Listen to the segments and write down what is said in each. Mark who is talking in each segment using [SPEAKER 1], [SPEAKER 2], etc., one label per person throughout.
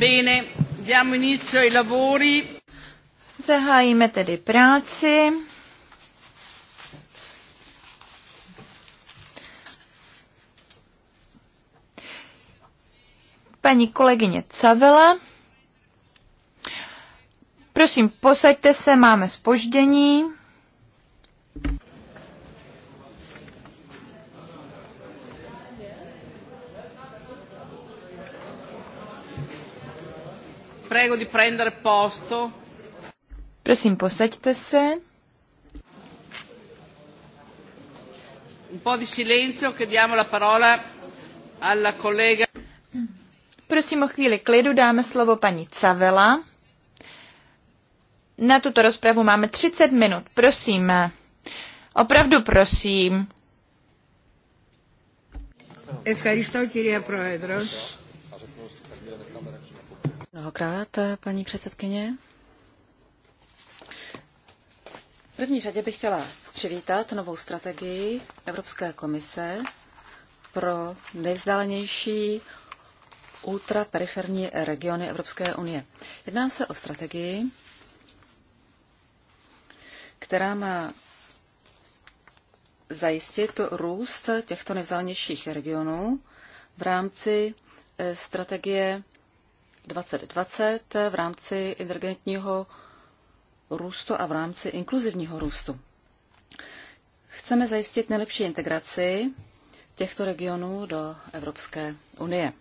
[SPEAKER 1] Bene, diamo inizio ai lavori.
[SPEAKER 2] Zahájíme tedy práci. Paní kolegyně Cavela. Prosím, posaďte se, máme spoždění.
[SPEAKER 1] Prego di prendere posto.
[SPEAKER 2] Prosím, posaďte se.
[SPEAKER 1] Un po' di silenzio, che la parola alla collega.
[SPEAKER 2] Prosím o chvíli klidu, dáme slovo paní Cavela. Na tuto rozpravu máme 30 minut, prosím. Opravdu prosím.
[SPEAKER 1] Ευχαριστώ κυρία Πρόεδρος. Mnohokrát, eh, paní předsedkyně. V první řadě bych chtěla přivítat novou strategii Evropské komise pro nejvzdálenější ultraperiferní regiony Evropské unie. Jedná se o strategii, která má zajistit růst těchto nejvzdálenějších regionů v rámci eh, strategie 2020 v rámci inteligentního růstu a v rámci inkluzivního růstu. Chceme zajistit nejlepší integraci těchto regionů do Evropské unie.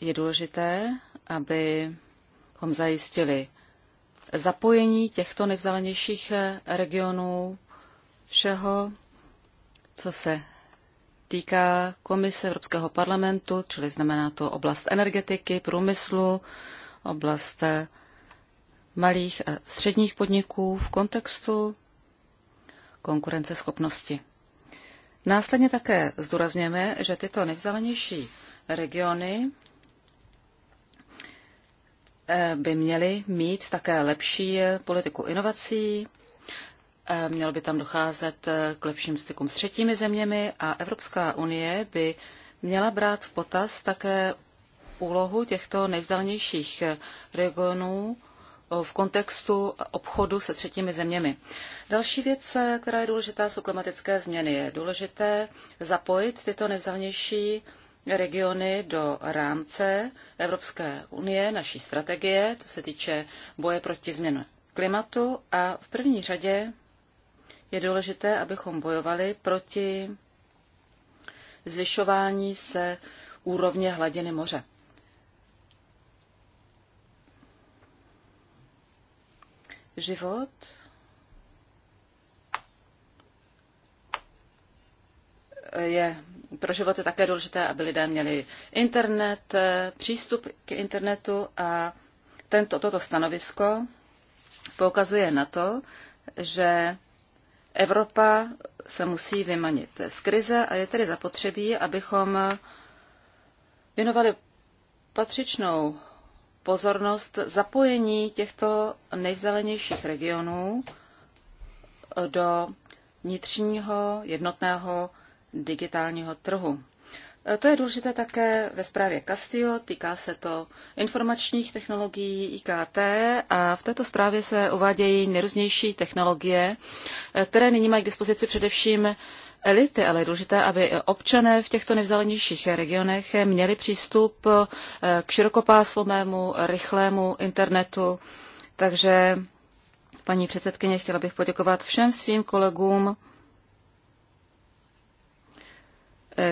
[SPEAKER 1] Je důležité, abychom zajistili zapojení těchto nejvzdálenějších regionů všeho, co se týká Komise Evropského parlamentu, čili znamená to oblast energetiky, průmyslu, oblast eh, malých a středních podniků v kontextu konkurenceschopnosti. Následně také zdůrazněme, že tyto nejvzdálenější regiony eh, by měly mít také lepší eh, politiku inovací, Eh, mělo by tam docházet eh, k lepším stykům s třetími zeměmi a Evropská unie by měla brát v potaz také úlohu těchto nejvzdálenějších eh, regionů v kontextu obchodu se třetími zeměmi. Další věc, která je důležitá, jsou klimatické změny. Je důležité zapojit tyto nejvzdálenější regiony do rámce Evropské unie, naší strategie, co se týče boje proti změně klimatu a v první řadě je důležité, abychom bojovali proti zvyšování se úrovně hladiny moře. Život je, pro život je také důležité, aby lidé měli internet, přístup k internetu a tento, toto stanovisko poukazuje na to, že Evropa se musí vymanit z krize a je tedy zapotřebí, abychom věnovali patřičnou pozornost zapojení těchto nejvzdálenějších regionů do vnitřního jednotného digitálního trhu. Eh, to je důležité také ve zprávě Castillo, týká se to informačních technologií IKT a v této zprávě se uvádějí nejrůznější technologie, eh, které nyní mají k dispozici především elity, ale je důležité, aby občané v těchto nejvzdálenějších regionech měli přístup eh, k širokopásmovému, rychlému internetu. Takže paní předsedkyně, chtěla bych poděkovat všem svým kolegům,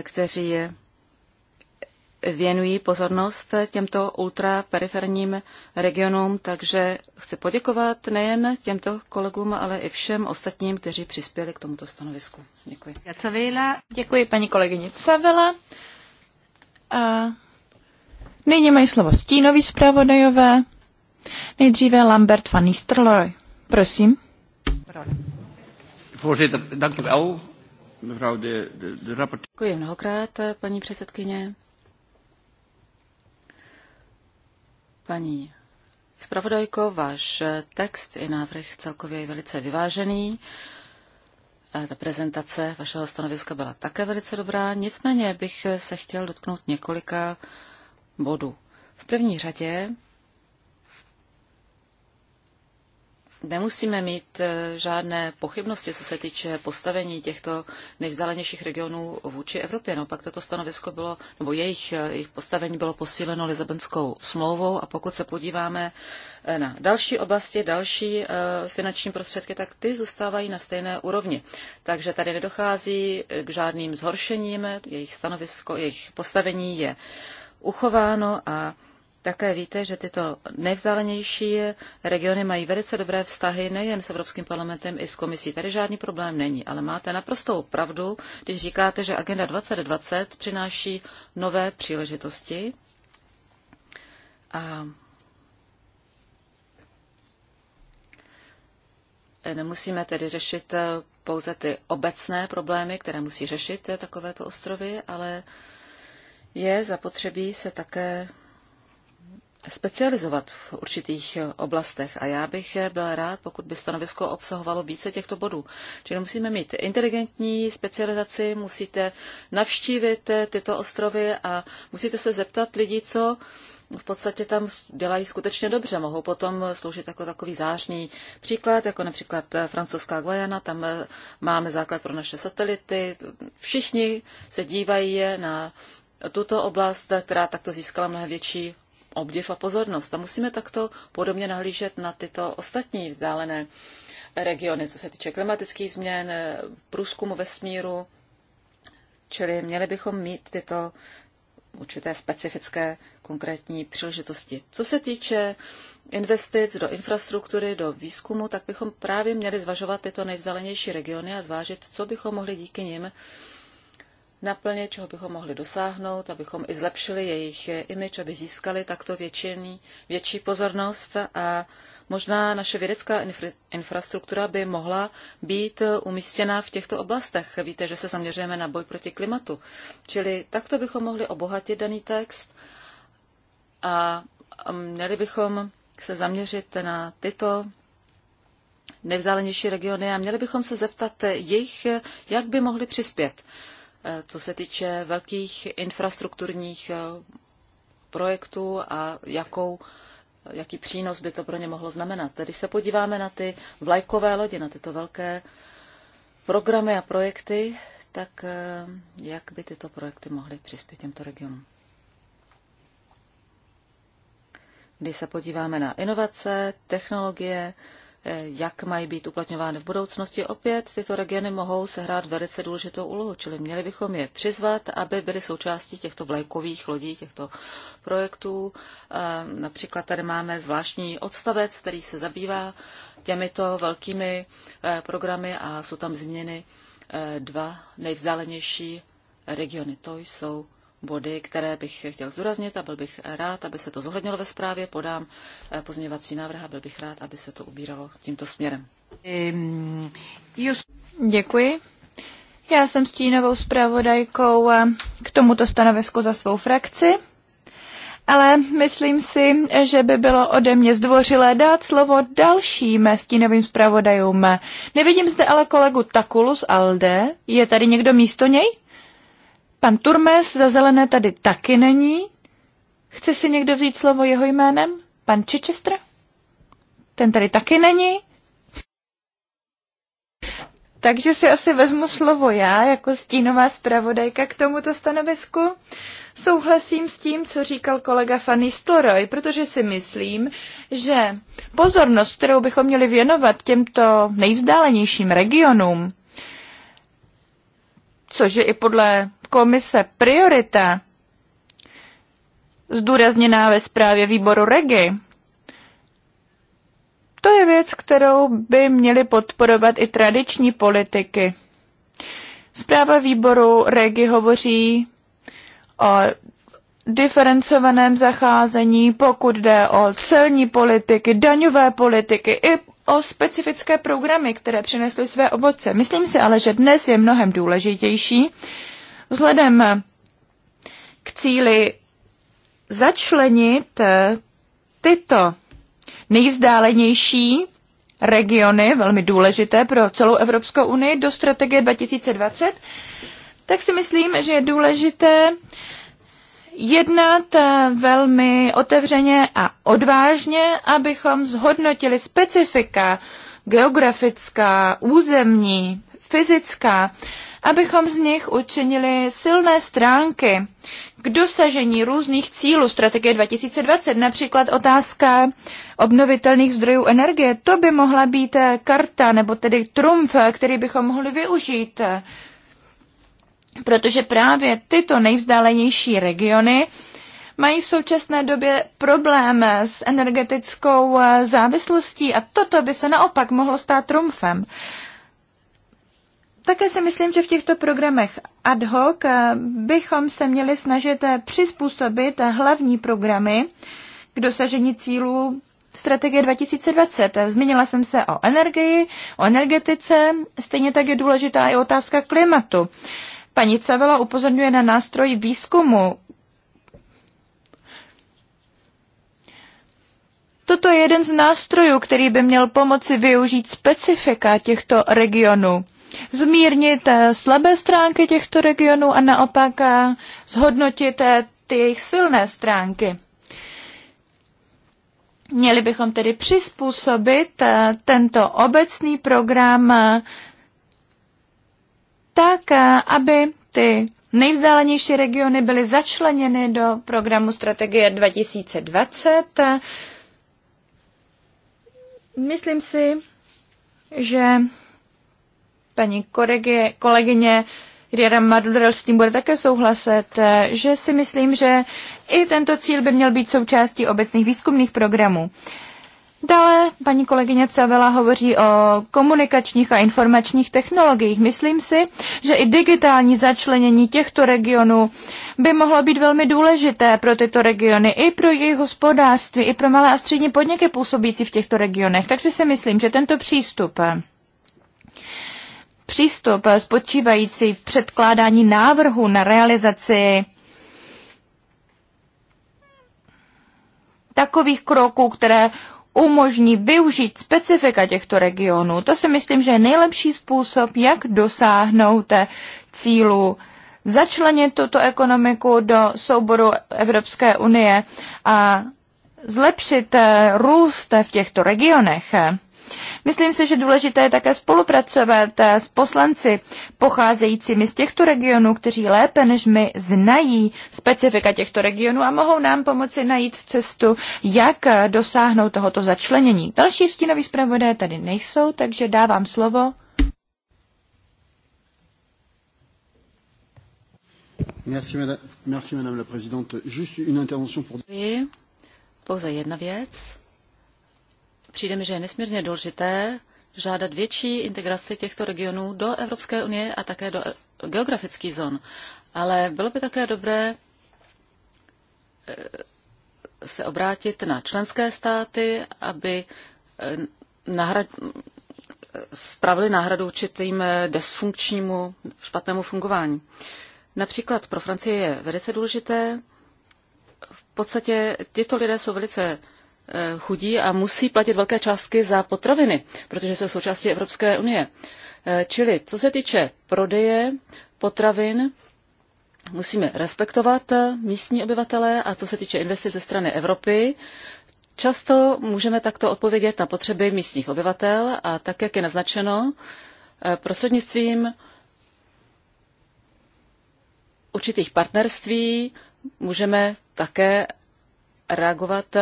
[SPEAKER 1] kteří věnují pozornost těmto ultraperiferním regionům, takže chci poděkovat nejen těmto kolegům, ale i všem ostatním, kteří
[SPEAKER 2] přispěli k tomuto stanovisku. Děkuji. Děkuji paní kolegyni Cavela. A nyní mají slovo stínový zpravodajové. Nejdříve Lambert van Nistelrooy. Prosím.
[SPEAKER 3] Voorzitter, dank u wel.
[SPEAKER 2] Děkuji
[SPEAKER 1] mnohokrát, paní předsedkyně. Paní zpravodajko, váš text i návrh celkově je velice vyvážený. Eh, ta prezentace vašeho stanoviska byla také velice dobrá, nicméně bych se chtěl dotknout několika bodů. V první řadě nemusíme mít e, žádné pochybnosti, co se týče postavení těchto nejvzdálenějších regionů vůči Evropě. No pak toto stanovisko bylo, nebo jejich, e, jejich postavení bylo posíleno Lizabonskou smlouvou a pokud se podíváme e, na další oblasti, další finanční prostředky, tak ty zůstávají na stejné úrovni. Takže tady nedochází k žádným zhoršením, jejich stanovisko, jejich postavení je uchováno a také víte, že tyto nejvzdálenější regiony mají velice dobré vztahy nejen s Evropským parlamentem i s komisí. Tady žádný problém není, ale máte naprostou pravdu, když říkáte, že Agenda 2020 přináší nové příležitosti. A nemusíme tedy řešit eh, pouze ty obecné problémy, které musí řešit eh, takovéto ostrovy, ale je zapotřebí se také specializovat v určitých oblastech a já bych byl rád, pokud by stanovisko obsahovalo více těchto bodů. Čili musíme mít inteligentní specializaci, musíte navštívit tyto ostrovy a musíte se zeptat lidí, co v podstatě tam dělají skutečně dobře. Mohou potom sloužit jako takový zářný příklad, jako například francouzská Guajana, tam máme základ pro naše satelity. Všichni se dívají na tuto oblast, která takto získala mnohem větší obdiv a pozornost. A musíme takto podobně nahlížet na tyto ostatní vzdálené regiony, co se týče klimatických změn, průzkumu vesmíru, čili měli bychom mít tyto určité specifické konkrétní příležitosti. Co se týče investic do infrastruktury, do výzkumu, tak bychom právě měli zvažovat tyto nejvzdálenější regiony a zvážit, co bychom mohli díky nim naplně, čeho bychom mohli dosáhnout, abychom i zlepšili jejich imič, aby získali takto většiný, větší pozornost a možná naše vědecká infra- infrastruktura by mohla být umístěna v těchto oblastech. Víte, že se zaměřujeme na boj proti klimatu. Čili takto bychom mohli obohatit daný text a měli bychom se zaměřit na tyto nejvzdálenější regiony a měli bychom se zeptat jejich, jak by mohli přispět co se týče velkých infrastrukturních eh, projektů a jakou, jaký přínos by to pro ně mohlo znamenat. Když se podíváme na ty vlajkové lodi, na tyto velké programy a projekty, tak eh, jak by tyto projekty mohly přispět těmto regionům? Když se podíváme na inovace, technologie, Eh, jak mají být uplatňovány v budoucnosti. Opět tyto regiony mohou sehrát velice důležitou úlohu, čili měli bychom je přizvat, aby byly součástí těchto vlajkových lodí, těchto projektů. Eh, například tady máme zvláštní odstavec, který se zabývá těmito velkými eh, programy a jsou tam změny dva nejvzdálenější regiony. To jsou body, které bych chtěl zúraznit a byl bych rád, aby se to zohlednilo ve zprávě. Podám eh,
[SPEAKER 2] pozměňovací návrh a byl bych rád, aby se to ubíralo tímto směrem. Děkuji. Já jsem stínovou zpravodajkou eh, k tomuto stanovisku za svou frakci, ale myslím si, že by bylo ode mě zdvořilé dát slovo dalším stínovým zpravodajům. Nevidím zde ale kolegu Takulus z Alde. Je tady někdo místo něj? Pan Turmes za zelené tady taky není. Chce si někdo vzít slovo jeho jménem? Pan Chichester? Ten tady taky není. Takže si asi vezmu slovo já jako stínová zpravodajka k tomuto stanovisku. Souhlasím s tím, co říkal kolega Fanny Storoy, protože si myslím, že pozornost, kterou bychom měli věnovat těmto nejvzdálenějším regionům, což je i podle komise priorita zdůrazněná ve zprávě výboru REGI, to je věc, kterou by měly podporovat i tradiční politiky. Zpráva výboru Regi hovoří o diferencovaném zacházení, pokud jde o celní politiky, daňové politiky i o specifické programy, které přinesly své ovoce. Myslím si ale, že dnes je mnohem důležitější, Vzhledem k cíli začlenit eh, tyto nejvzdálenější regiony, velmi důležité pro celou Evropskou unii, do strategie 2020, tak si myslím, že je důležité jednat eh, velmi otevřeně a odvážně, abychom zhodnotili specifika geografická, územní, fyzická abychom z nich učinili silné stránky k dosažení různých cílů strategie 2020, například otázka obnovitelných zdrojů energie. To by mohla být karta nebo tedy trumf, který bychom mohli využít, protože právě tyto nejvzdálenější regiony mají v současné době problém s energetickou závislostí a toto by se naopak mohlo stát trumfem. Také si myslím, že v těchto programech ad hoc eh, bychom se měli snažit eh, přizpůsobit eh, hlavní programy k dosažení cílů strategie 2020. Zmínila jsem se o energii, o energetice, stejně tak je důležitá i otázka klimatu. Paní Cavela upozorňuje na nástroj výzkumu. Toto je jeden z nástrojů, který by měl pomoci využít specifika těchto regionů zmírnit eh, slabé stránky těchto regionů a naopak eh, zhodnotit eh, ty jejich silné stránky. Měli bychom tedy přizpůsobit tento obecný program tak, aby ty nejvzdálenější regiony byly začleněny do programu Strategie 2020. Myslím si, že paní kolegy, kolegyně Riera Madudrel s tím bude také souhlasit, eh, že si myslím, že i tento cíl by měl být součástí obecných výzkumných programů. Dále paní kolegyně Cavela hovoří o komunikačních a informačních technologiích. Myslím si, že i digitální začlenění těchto regionů by mohlo být velmi důležité pro tyto regiony, i pro jejich hospodářství, i pro malé a střední podniky působící v těchto regionech. Takže si myslím, že tento přístup přístup eh, spočívající v předkládání návrhu na realizaci takových kroků, které umožní využít specifika těchto regionů. To si myslím, že je nejlepší způsob, jak dosáhnout cílu začlenit tuto ekonomiku do souboru Evropské unie a zlepšit eh, růst v těchto regionech. Myslím si, že důležité je také spolupracovat eh, s poslanci pocházejícími z těchto regionů, kteří lépe než my znají specifika těchto regionů a mohou nám pomoci najít cestu, jak eh, dosáhnout tohoto začlenění. Další stínoví zpravodaje tady nejsou, takže dávám slovo.
[SPEAKER 3] Merci, madame, merci, madame la présidente. Juste une intervention pour...
[SPEAKER 1] Pouze jedna věc Přijde mi, že je nesmírně důležité žádat větší integraci těchto regionů do Evropské unie a také do eh, geografických zón. Ale bylo by také dobré eh, se obrátit na členské státy, aby eh, nahrad, spravili náhradu určitým desfunkčnímu, špatnému fungování. Například pro Francii je velice důležité. V podstatě tyto lidé jsou velice Eh, chudí a musí platit velké částky za potraviny, protože jsou součástí Evropské unie. Eh, čili co se týče prodeje potravin, musíme respektovat eh, místní obyvatele a co se týče investic ze strany Evropy, často můžeme takto odpovědět na potřeby místních obyvatel a tak, jak je naznačeno, prostřednictvím určitých partnerství můžeme také reagovat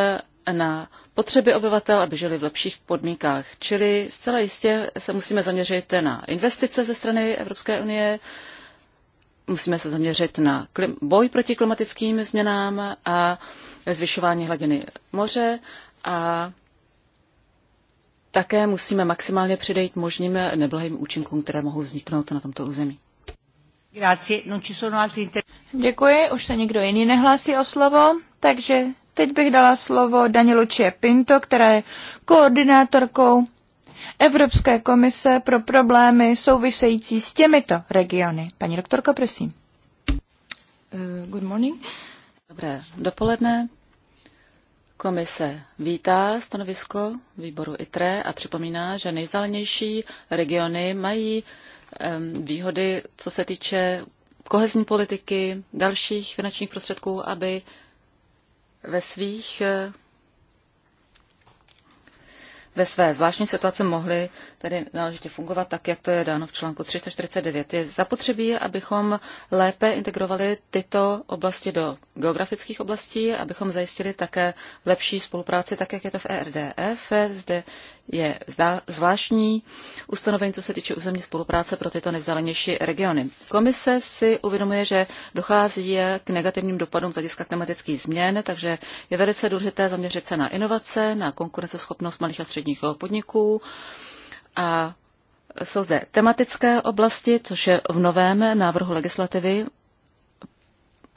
[SPEAKER 1] na potřeby obyvatel, aby žili v lepších podmínkách. Čili zcela jistě se musíme zaměřit na investice ze strany Evropské unie, musíme se zaměřit na boj proti klimatickým změnám a zvyšování hladiny moře a také musíme maximálně předejít možným neblahým účinkům, které mohou vzniknout na tomto území.
[SPEAKER 2] Děkuji, už se někdo jiný nehlásí o slovo, takže teď bych dala slovo Danielu Lucie Pinto, která je koordinátorkou Evropské komise pro problémy související s těmito regiony. Paní doktorko, prosím. Eh, good morning.
[SPEAKER 1] Dobré dopoledne. Komise vítá stanovisko výboru ITRE a připomíná, že nejzálenější regiony mají výhody, co se týče kohezní politiky, dalších finančních prostředků, aby ve svých eh, ve své zvláštní situaci mohly tedy náležitě fungovat tak, jak to je dáno v článku 349. Je zapotřebí, abychom lépe integrovali tyto oblasti do geografických oblastí, abychom zajistili také lepší spolupráci, tak jak je to v ERDF. Zde je zvláštní ustanovení, co se týče územní spolupráce pro tyto nejvzdálenější regiony. Komise si uvědomuje, že dochází k negativním dopadům z hlediska klimatických změn, takže je velice důležité zaměřit se na inovace, na konkurenceschopnost malých a středních podniků a jsou zde tematické oblasti, což je v novém návrhu legislativy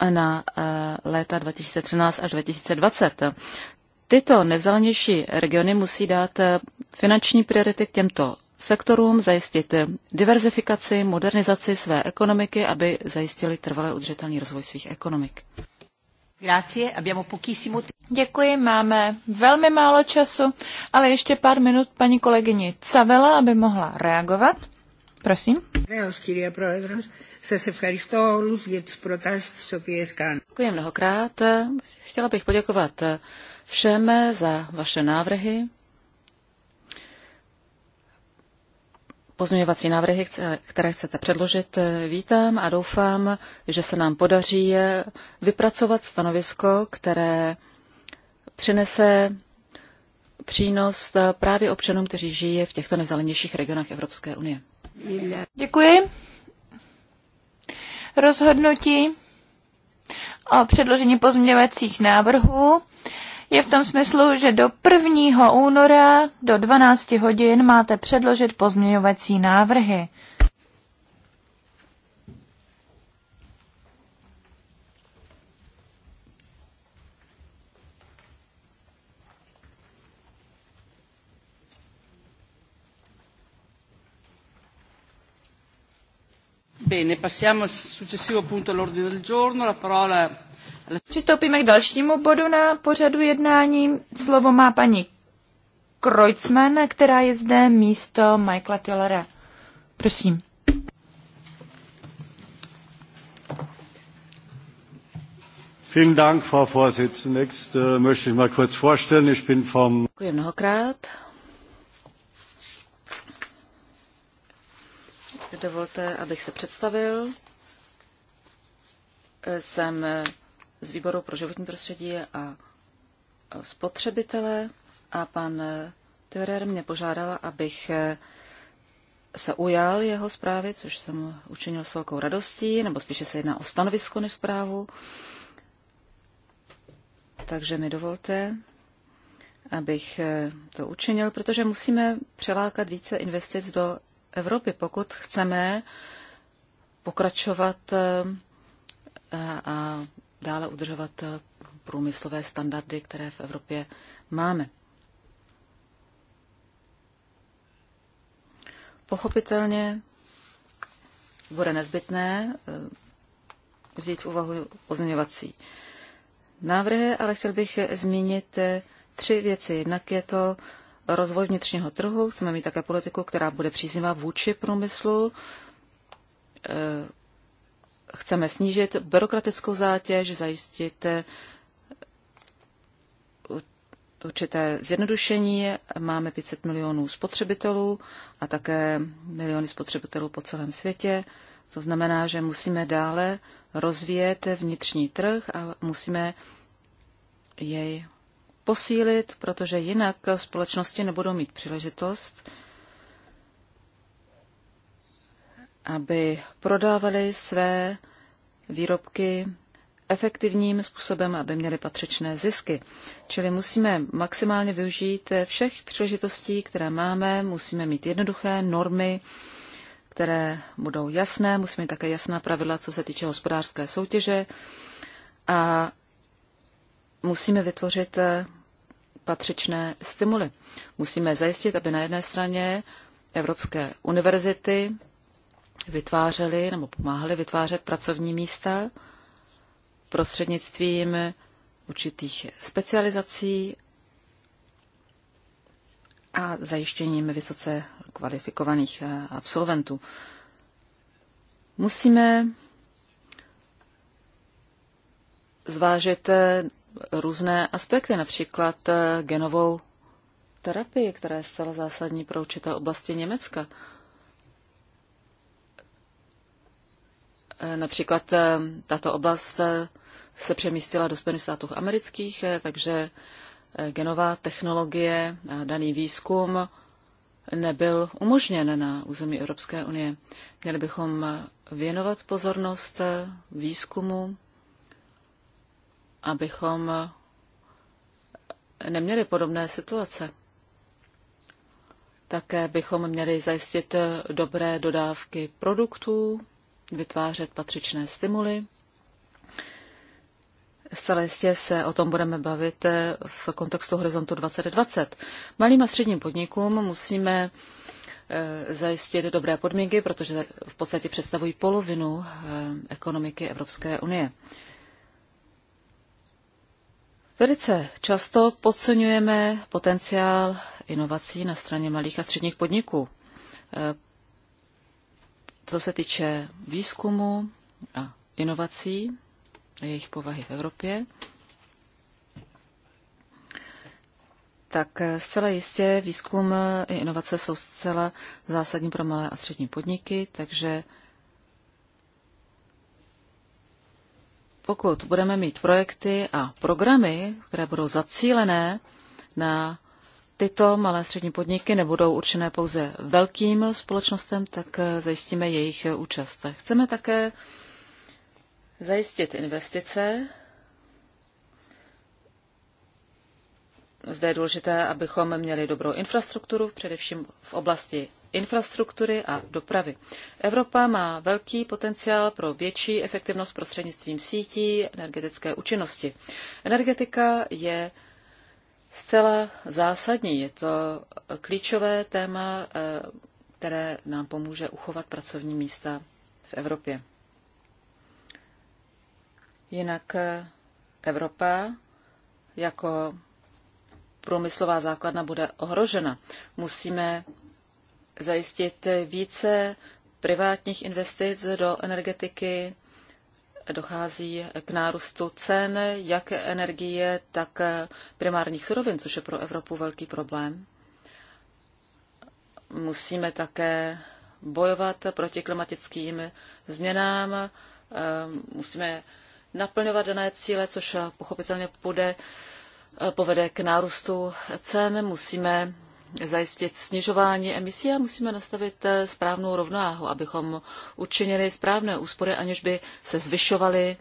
[SPEAKER 1] na eh, léta 2013 až 2020 tyto nejzelenější regiony musí dát eh, finanční priority k těmto sektorům, zajistit eh, diverzifikaci, modernizaci své ekonomiky, aby zajistili trvalé udržitelný rozvoj svých ekonomik.
[SPEAKER 2] Děkuji, máme velmi málo času, ale ještě pár minut paní kolegyni Cavela, aby mohla reagovat. Prosím.
[SPEAKER 1] Děkuji mnohokrát. Chtěla bych poděkovat eh, všem za vaše návrhy. Pozměňovací návrhy, které chcete předložit, vítám a doufám, že se nám podaří vypracovat stanovisko, které přinese přínos právě občanům, kteří žijí v těchto nejzelenějších regionech Evropské unie.
[SPEAKER 2] Děkuji. Rozhodnutí o předložení pozměňovacích návrhů je v tom smyslu, že do 1. února do 12 hodin máte předložit pozměňovací návrhy. Bene, passiamo al successivo punto all'ordine del giorno. La parola Přistoupíme k dalšímu bodu na pořadu jednání. Slovo má paní Kreutzmann, která je zde místo Michaela Tillera. Prosím.
[SPEAKER 3] Vielen Dank, Frau Vorsitzende. Zunächst äh, möchte ich mal kurz vorstellen, ich bin vom...
[SPEAKER 1] Děkuji mnohokrát. Dovolte, abych se představil. Jsem z výboru pro životní prostředí a spotřebitele a pan Törer mě požádala, abych eh, se ujal jeho zprávy, což jsem učinil s velkou radostí, nebo spíše se jedná o stanovisko než zprávu. Takže mi dovolte, abych eh, to učinil, protože musíme přelákat více investic do Evropy, pokud chceme pokračovat eh, a dále udržovat eh, průmyslové standardy, které v Evropě máme. Pochopitelně bude nezbytné eh, vzít v úvahu pozměňovací návrhy, ale chtěl bych zmínit eh, tři věci. Jednak je to rozvoj vnitřního trhu, chceme mít také politiku, která bude příznivá vůči průmyslu, chceme snížit byrokratickou zátěž, zajistit eh, určité zjednodušení. Máme 500 milionů spotřebitelů a také miliony spotřebitelů po celém světě. To znamená, že musíme dále rozvíjet vnitřní trh a musíme jej posílit, protože jinak společnosti nebudou mít příležitost aby prodávali své výrobky efektivním způsobem, aby měli patřičné zisky. Čili musíme maximálně využít všech příležitostí, které máme, musíme mít jednoduché normy, které budou jasné, musíme mít také jasná pravidla, co se týče hospodářské soutěže a musíme vytvořit eh, patřičné stimuly. Musíme zajistit, aby na jedné straně evropské univerzity vytvářeli nebo pomáhali vytvářet pracovní místa prostřednictvím určitých specializací a zajištěním vysoce kvalifikovaných eh, absolventů. Musíme zvážit eh, různé aspekty, například eh, genovou terapii, která je zcela zásadní pro určité oblasti Německa. Eh, například eh, tato oblast eh, se přemístila do Spojených států amerických, takže genová technologie a daný výzkum nebyl umožněn na území Evropské unie. Měli bychom věnovat pozornost výzkumu, abychom neměli podobné situace. Také bychom měli zajistit dobré dodávky produktů vytvářet patřičné stimuly. Zcela jistě se o tom budeme bavit eh, v kontextu Horizontu 2020. Malým a středním podnikům musíme eh, zajistit dobré podmínky, protože v podstatě představují polovinu eh, ekonomiky Evropské unie. Velice často podceňujeme potenciál inovací na straně malých a středních podniků. Co se týče výzkumu a inovací a jejich povahy v Evropě, tak zcela jistě výzkum i inovace jsou zcela zásadní pro malé a střední podniky, takže pokud budeme mít projekty a programy, které budou zacílené na tyto malé střední podniky nebudou určené pouze velkým společnostem, tak eh, zajistíme jejich eh, účast. Chceme také zajistit investice. Zde je důležité, abychom měli dobrou infrastrukturu, především v oblasti infrastruktury a dopravy. Evropa má velký potenciál pro větší efektivnost prostřednictvím sítí energetické účinnosti. Energetika je zcela zásadní. Je to klíčové téma, eh, které nám pomůže uchovat pracovní místa v Evropě. Jinak eh, Evropa jako průmyslová základna bude ohrožena. Musíme zajistit více privátních investic do energetiky, dochází k nárůstu cen jak energie, tak primárních surovin, což je pro Evropu velký problém. Musíme také bojovat proti klimatickým změnám, eh, musíme naplňovat dané cíle, což pochopitelně půjde, eh, povede k nárůstu cen, musíme zajistit snižování emisí a musíme nastavit eh, správnou rovnováhu, abychom učinili správné úspory, aniž by se zvyšovaly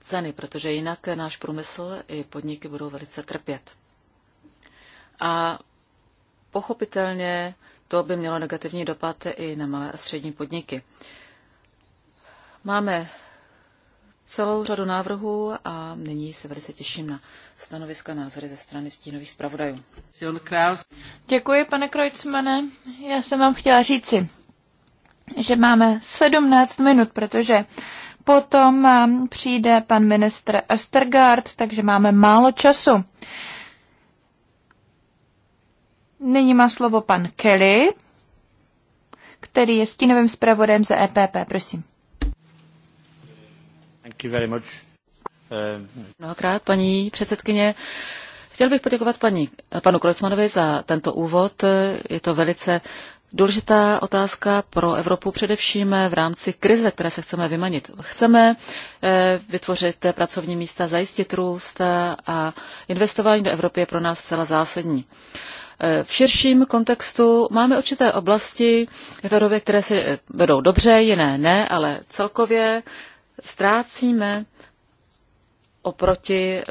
[SPEAKER 1] ceny, protože jinak náš průmysl i podniky budou velice trpět. A pochopitelně to by mělo negativní dopad i na malé a střední podniky. Máme celou řadu návrhů a nyní se velice těším na stanoviska názory ze strany stínových zpravodajů.
[SPEAKER 2] Děkuji, pane Krojcmane. Já jsem vám chtěla říci, že máme 17 minut, protože potom um, přijde pan ministr Östergaard, takže máme málo času. Nyní má slovo pan Kelly, který je stínovým zpravodajem za EPP. Prosím. Eh, Mnohokrát,
[SPEAKER 1] paní předsedkyně. Chtěl bych poděkovat paní, panu Kolesmanovi za tento úvod. Je to velice důležitá otázka pro Evropu, především v rámci krize, které se chceme vymanit. Chceme eh, vytvořit pracovní místa, zajistit růst a investování do Evropy je pro nás zcela zásadní. Eh, v širším kontextu máme určité oblasti v Evropě, které se vedou dobře, jiné ne, ale celkově ztrácíme oproti eh,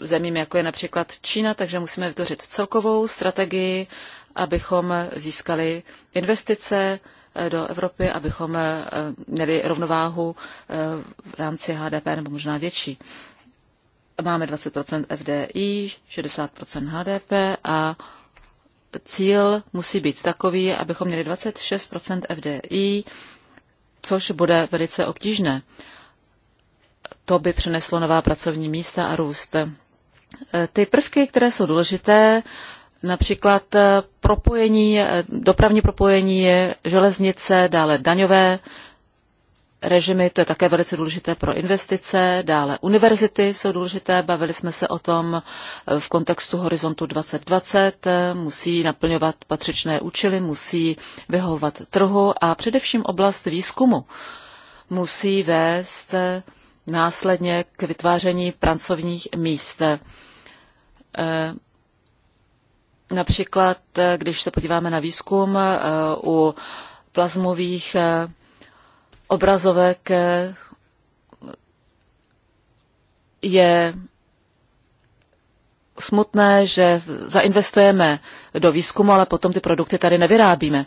[SPEAKER 1] zemím, jako je například Čína, takže musíme vytvořit celkovou strategii, abychom získali investice eh, do Evropy, abychom eh, měli rovnováhu v rámci HDP nebo možná větší. Máme 20 FDI, 60 HDP a cíl musí být takový, abychom měli 26 FDI což bude velice obtížné. To by přineslo nová pracovní místa a růst. E, ty prvky, které jsou důležité, například e, propojení, e, dopravní propojení, železnice, dále daňové režimy, to je také velice důležité pro investice, dále univerzity jsou důležité, bavili jsme se o tom v kontextu horizontu 2020, musí naplňovat patřičné účely, musí vyhovovat trhu a především oblast výzkumu musí vést následně k vytváření pracovních míst. Eh, například, eh, když se podíváme na výzkum eh, u plazmových obrazovek je smutné, že zainvestujeme do výzkumu, ale potom ty produkty tady nevyrábíme. E,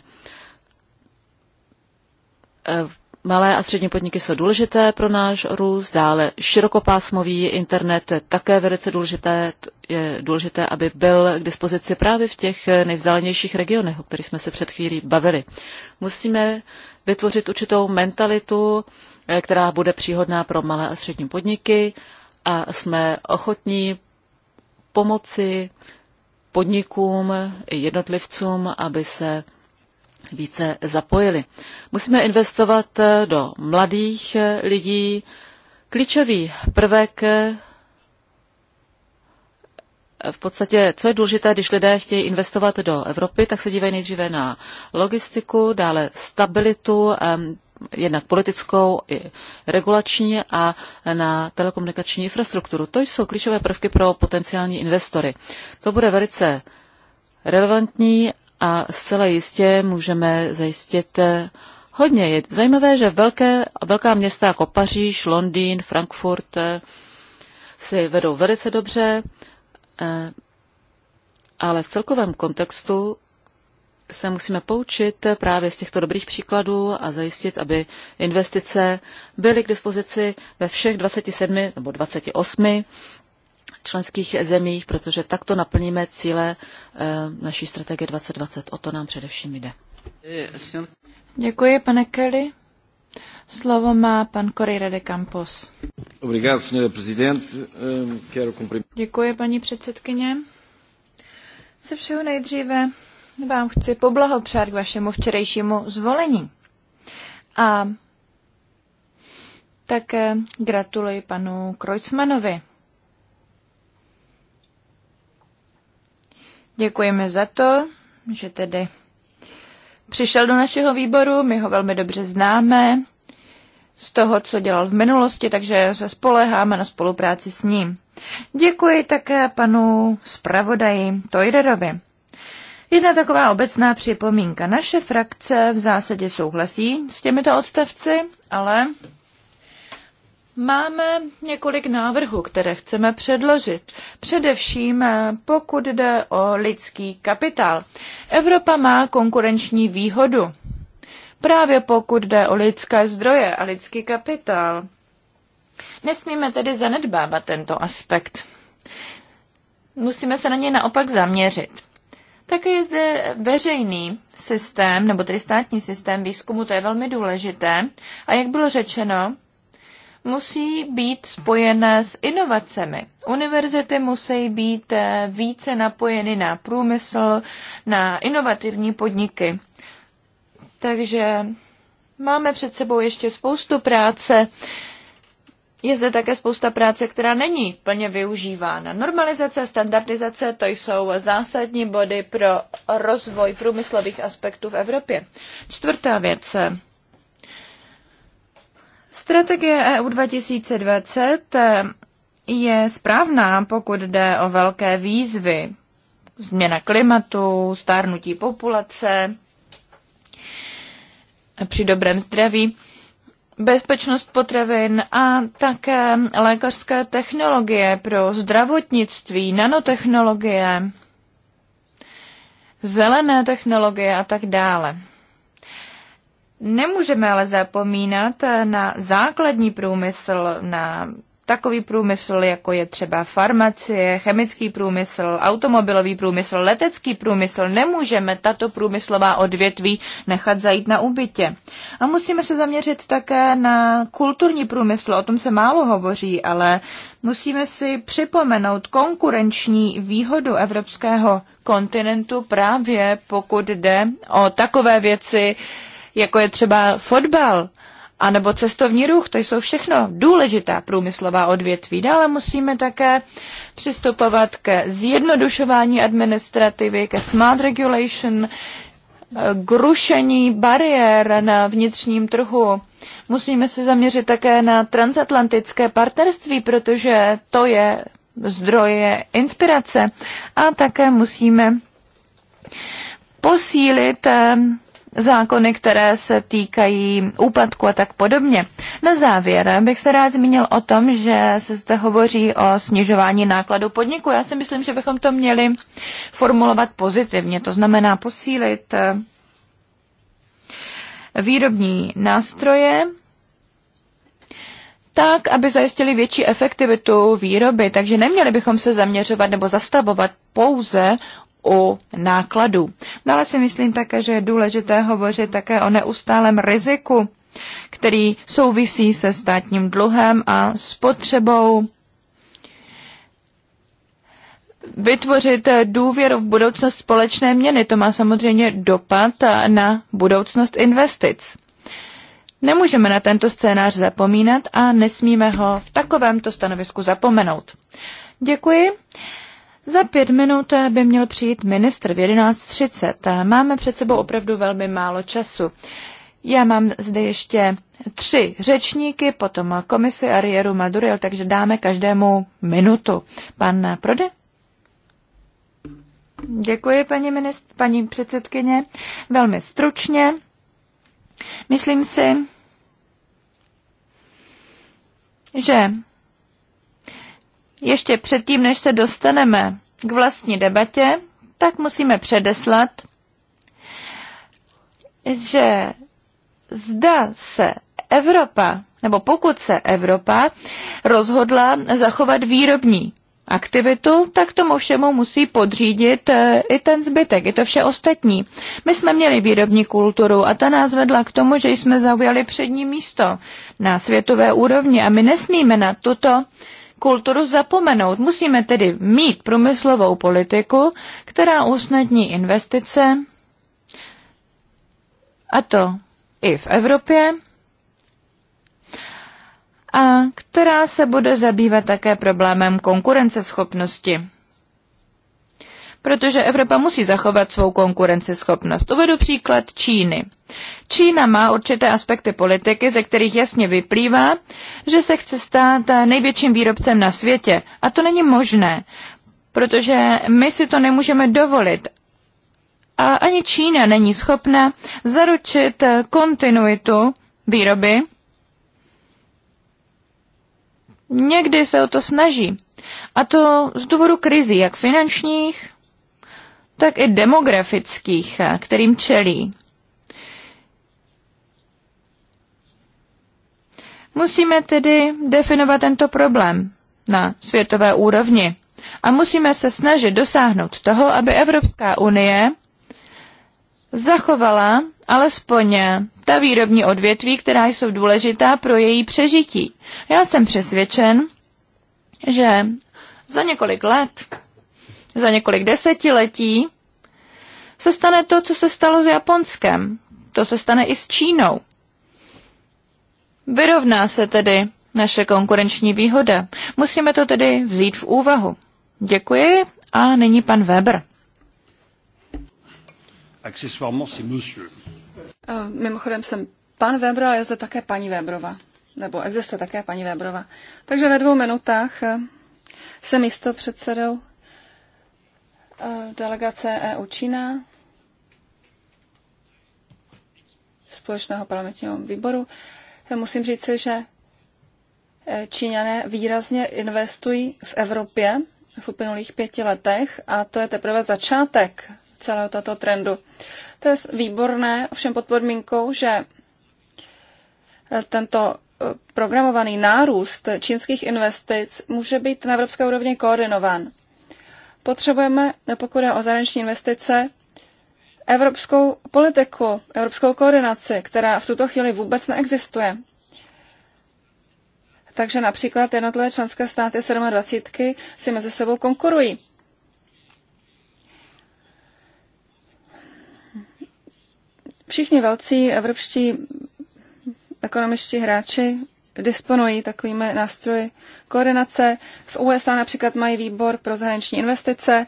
[SPEAKER 1] malé a střední podniky jsou důležité pro náš růst, dále širokopásmový internet to je také velice důležité, je důležité, aby byl k dispozici právě v těch nejvzdálenějších regionech, o kterých jsme se před chvílí bavili. Musíme vytvořit určitou mentalitu, eh, která bude příhodná pro malé a střední podniky a jsme ochotní pomoci podnikům i jednotlivcům, aby se více zapojili. Musíme investovat eh, do mladých eh, lidí. Klíčový prvek v podstatě, co je důležité, když lidé chtějí investovat do Evropy, tak se dívají nejdříve na logistiku, dále stabilitu, jednak politickou i regulační a na telekomunikační infrastrukturu. To jsou klíčové prvky pro potenciální investory. To bude velice relevantní a zcela jistě můžeme zajistit eh, hodně. Je zajímavé, že velké, velká města jako Paříž, Londýn, Frankfurt eh, si vedou velice dobře. Eh, ale v celkovém kontextu se musíme poučit právě z těchto dobrých příkladů a zajistit, aby investice byly k dispozici ve všech 27 nebo 28 členských zemích, protože takto naplníme cíle eh, naší strategie 2020. O to nám především jde.
[SPEAKER 2] Děkuji, pane Kelly. Slovo má pan Correira de Campos. Děkuji, paní předsedkyně. Se všeho nejdříve vám chci poblahopřát k vašemu včerejšímu zvolení. A také gratuluji panu Krojcmanovi. Děkujeme za to, že tedy přišel do našeho výboru, my ho velmi dobře známe, z toho, co dělal v minulosti, takže se spoleháme na spolupráci s ním. Děkuji také panu zpravodaji Tojderovi. Jedna taková obecná připomínka. Naše frakce v zásadě souhlasí s těmito odstavci, ale máme několik návrhů, které chceme předložit. Především eh, pokud jde o lidský kapitál. Evropa má konkurenční výhodu právě pokud jde o lidské zdroje a lidský kapitál. Nesmíme tedy zanedbávat tento aspekt. Musíme se na něj naopak zaměřit. Také je zde veřejný systém, nebo tedy státní systém výzkumu, to je velmi důležité. A jak bylo řečeno, musí být spojené s inovacemi. Univerzity musí být eh, více napojeny na průmysl, na inovativní podniky. Takže máme před sebou ještě spoustu práce. Je zde také spousta práce, která není plně využívána. Normalizace a standardizace to jsou zásadní body pro rozvoj průmyslových aspektů v Evropě. Čtvrtá věc. Strategie EU 2020 je správná, pokud jde o velké výzvy. Změna klimatu, stárnutí populace, při dobrém zdraví, bezpečnost potravin a také lékařské technologie pro zdravotnictví, nanotechnologie, zelené technologie a tak dále. Nemůžeme ale zapomínat na základní průmysl, na takový průmysl, jako je třeba farmacie, chemický průmysl, automobilový průmysl, letecký průmysl, nemůžeme tato průmyslová odvětví nechat zajít na úbytě. A musíme se zaměřit také na kulturní průmysl, o tom se málo hovoří, ale musíme si připomenout konkurenční výhodu evropského kontinentu právě pokud jde o takové věci, jako je třeba fotbal. A nebo cestovní ruch, to jsou všechno důležitá průmyslová odvětví. Dále musíme také přistupovat ke zjednodušování administrativy, ke smart regulation, eh, k rušení bariér na vnitřním trhu. Musíme se zaměřit také na transatlantické partnerství, protože to je zdroje inspirace. A také musíme posílit eh, zákony, které se týkají úpadku a tak podobně. Na závěr bych se rád zmínil o tom, že se zde hovoří o snižování nákladů podniku. Já si myslím, že bychom to měli formulovat pozitivně, to znamená posílit eh, výrobní nástroje, tak, aby zajistili větší efektivitu výroby. Takže neměli bychom se zaměřovat nebo zastavovat pouze u nákladů. Dále si myslím také, že je důležité hovořit také o neustálém riziku, který souvisí se státním dluhem a spotřebou vytvořit důvěru v budoucnost společné měny. To má samozřejmě dopad na budoucnost investic. Nemůžeme na tento scénář zapomínat a nesmíme ho v takovémto stanovisku zapomenout. Děkuji. Za pět minut by měl přijít ministr v 11.30. Máme před sebou opravdu velmi málo času. Já mám zde ještě tři řečníky, potom komisi Arieru Maduril, takže dáme každému minutu. Pan Prode? Děkuji, paní, ministr, paní předsedkyně. Velmi stručně. Myslím si, že ještě předtím, než se dostaneme k vlastní debatě, tak musíme předeslat, že zda se Evropa, nebo pokud se Evropa rozhodla zachovat výrobní aktivitu, tak tomu všemu musí podřídit eh, i ten zbytek, i to vše ostatní. My jsme měli výrobní kulturu a ta nás vedla k tomu, že jsme zaujali přední místo na světové úrovni a my nesmíme na tuto kulturu zapomenout. Musíme tedy mít průmyslovou politiku, která usnadní investice, a to i v Evropě, a která se bude zabývat také problémem konkurenceschopnosti protože Evropa musí zachovat svou konkurenceschopnost. Uvedu příklad Číny. Čína má určité aspekty politiky, ze kterých jasně vyplývá, že se chce stát největším výrobcem na světě. A to není možné, protože my si to nemůžeme dovolit. A ani Čína není schopna zaručit kontinuitu výroby. Někdy se o to snaží. A to z důvodu krizí, jak finančních, tak i demografických, eh, kterým čelí. Musíme tedy definovat tento problém na světové úrovni a musíme se snažit dosáhnout toho, aby Evropská unie zachovala alespoň ta výrobní odvětví, která jsou důležitá pro její přežití. Já jsem přesvědčen, že za několik let za několik desetiletí se stane to, co se stalo s Japonskem. To se stane i s Čínou. Vyrovná se tedy naše konkurenční výhoda. Musíme to tedy vzít v úvahu. Děkuji a nyní pan Weber.
[SPEAKER 3] Eh, mimochodem jsem pan Weber ale je zde také paní Weberova. Nebo existuje také paní Weberova. Takže ve dvou minutách eh, se místo předsedou Eh, delegace EU Čína společného parlamentního výboru. Musím říct, že eh, Číňané výrazně investují v Evropě v uplynulých pěti letech a to je teprve začátek celého tohoto trendu. To je výborné, ovšem pod podmínkou, že eh, tento programovaný nárůst čínských investic může být na evropské úrovni koordinován potřebujeme, pokud je o zahraniční investice, evropskou politiku, evropskou koordinaci, která v tuto chvíli vůbec neexistuje. Takže například jednotlivé členské státy 27 si mezi sebou konkurují. Všichni velcí evropští ekonomičtí hráči disponují takovými nástroji koordinace. V USA například mají výbor pro zahraniční investice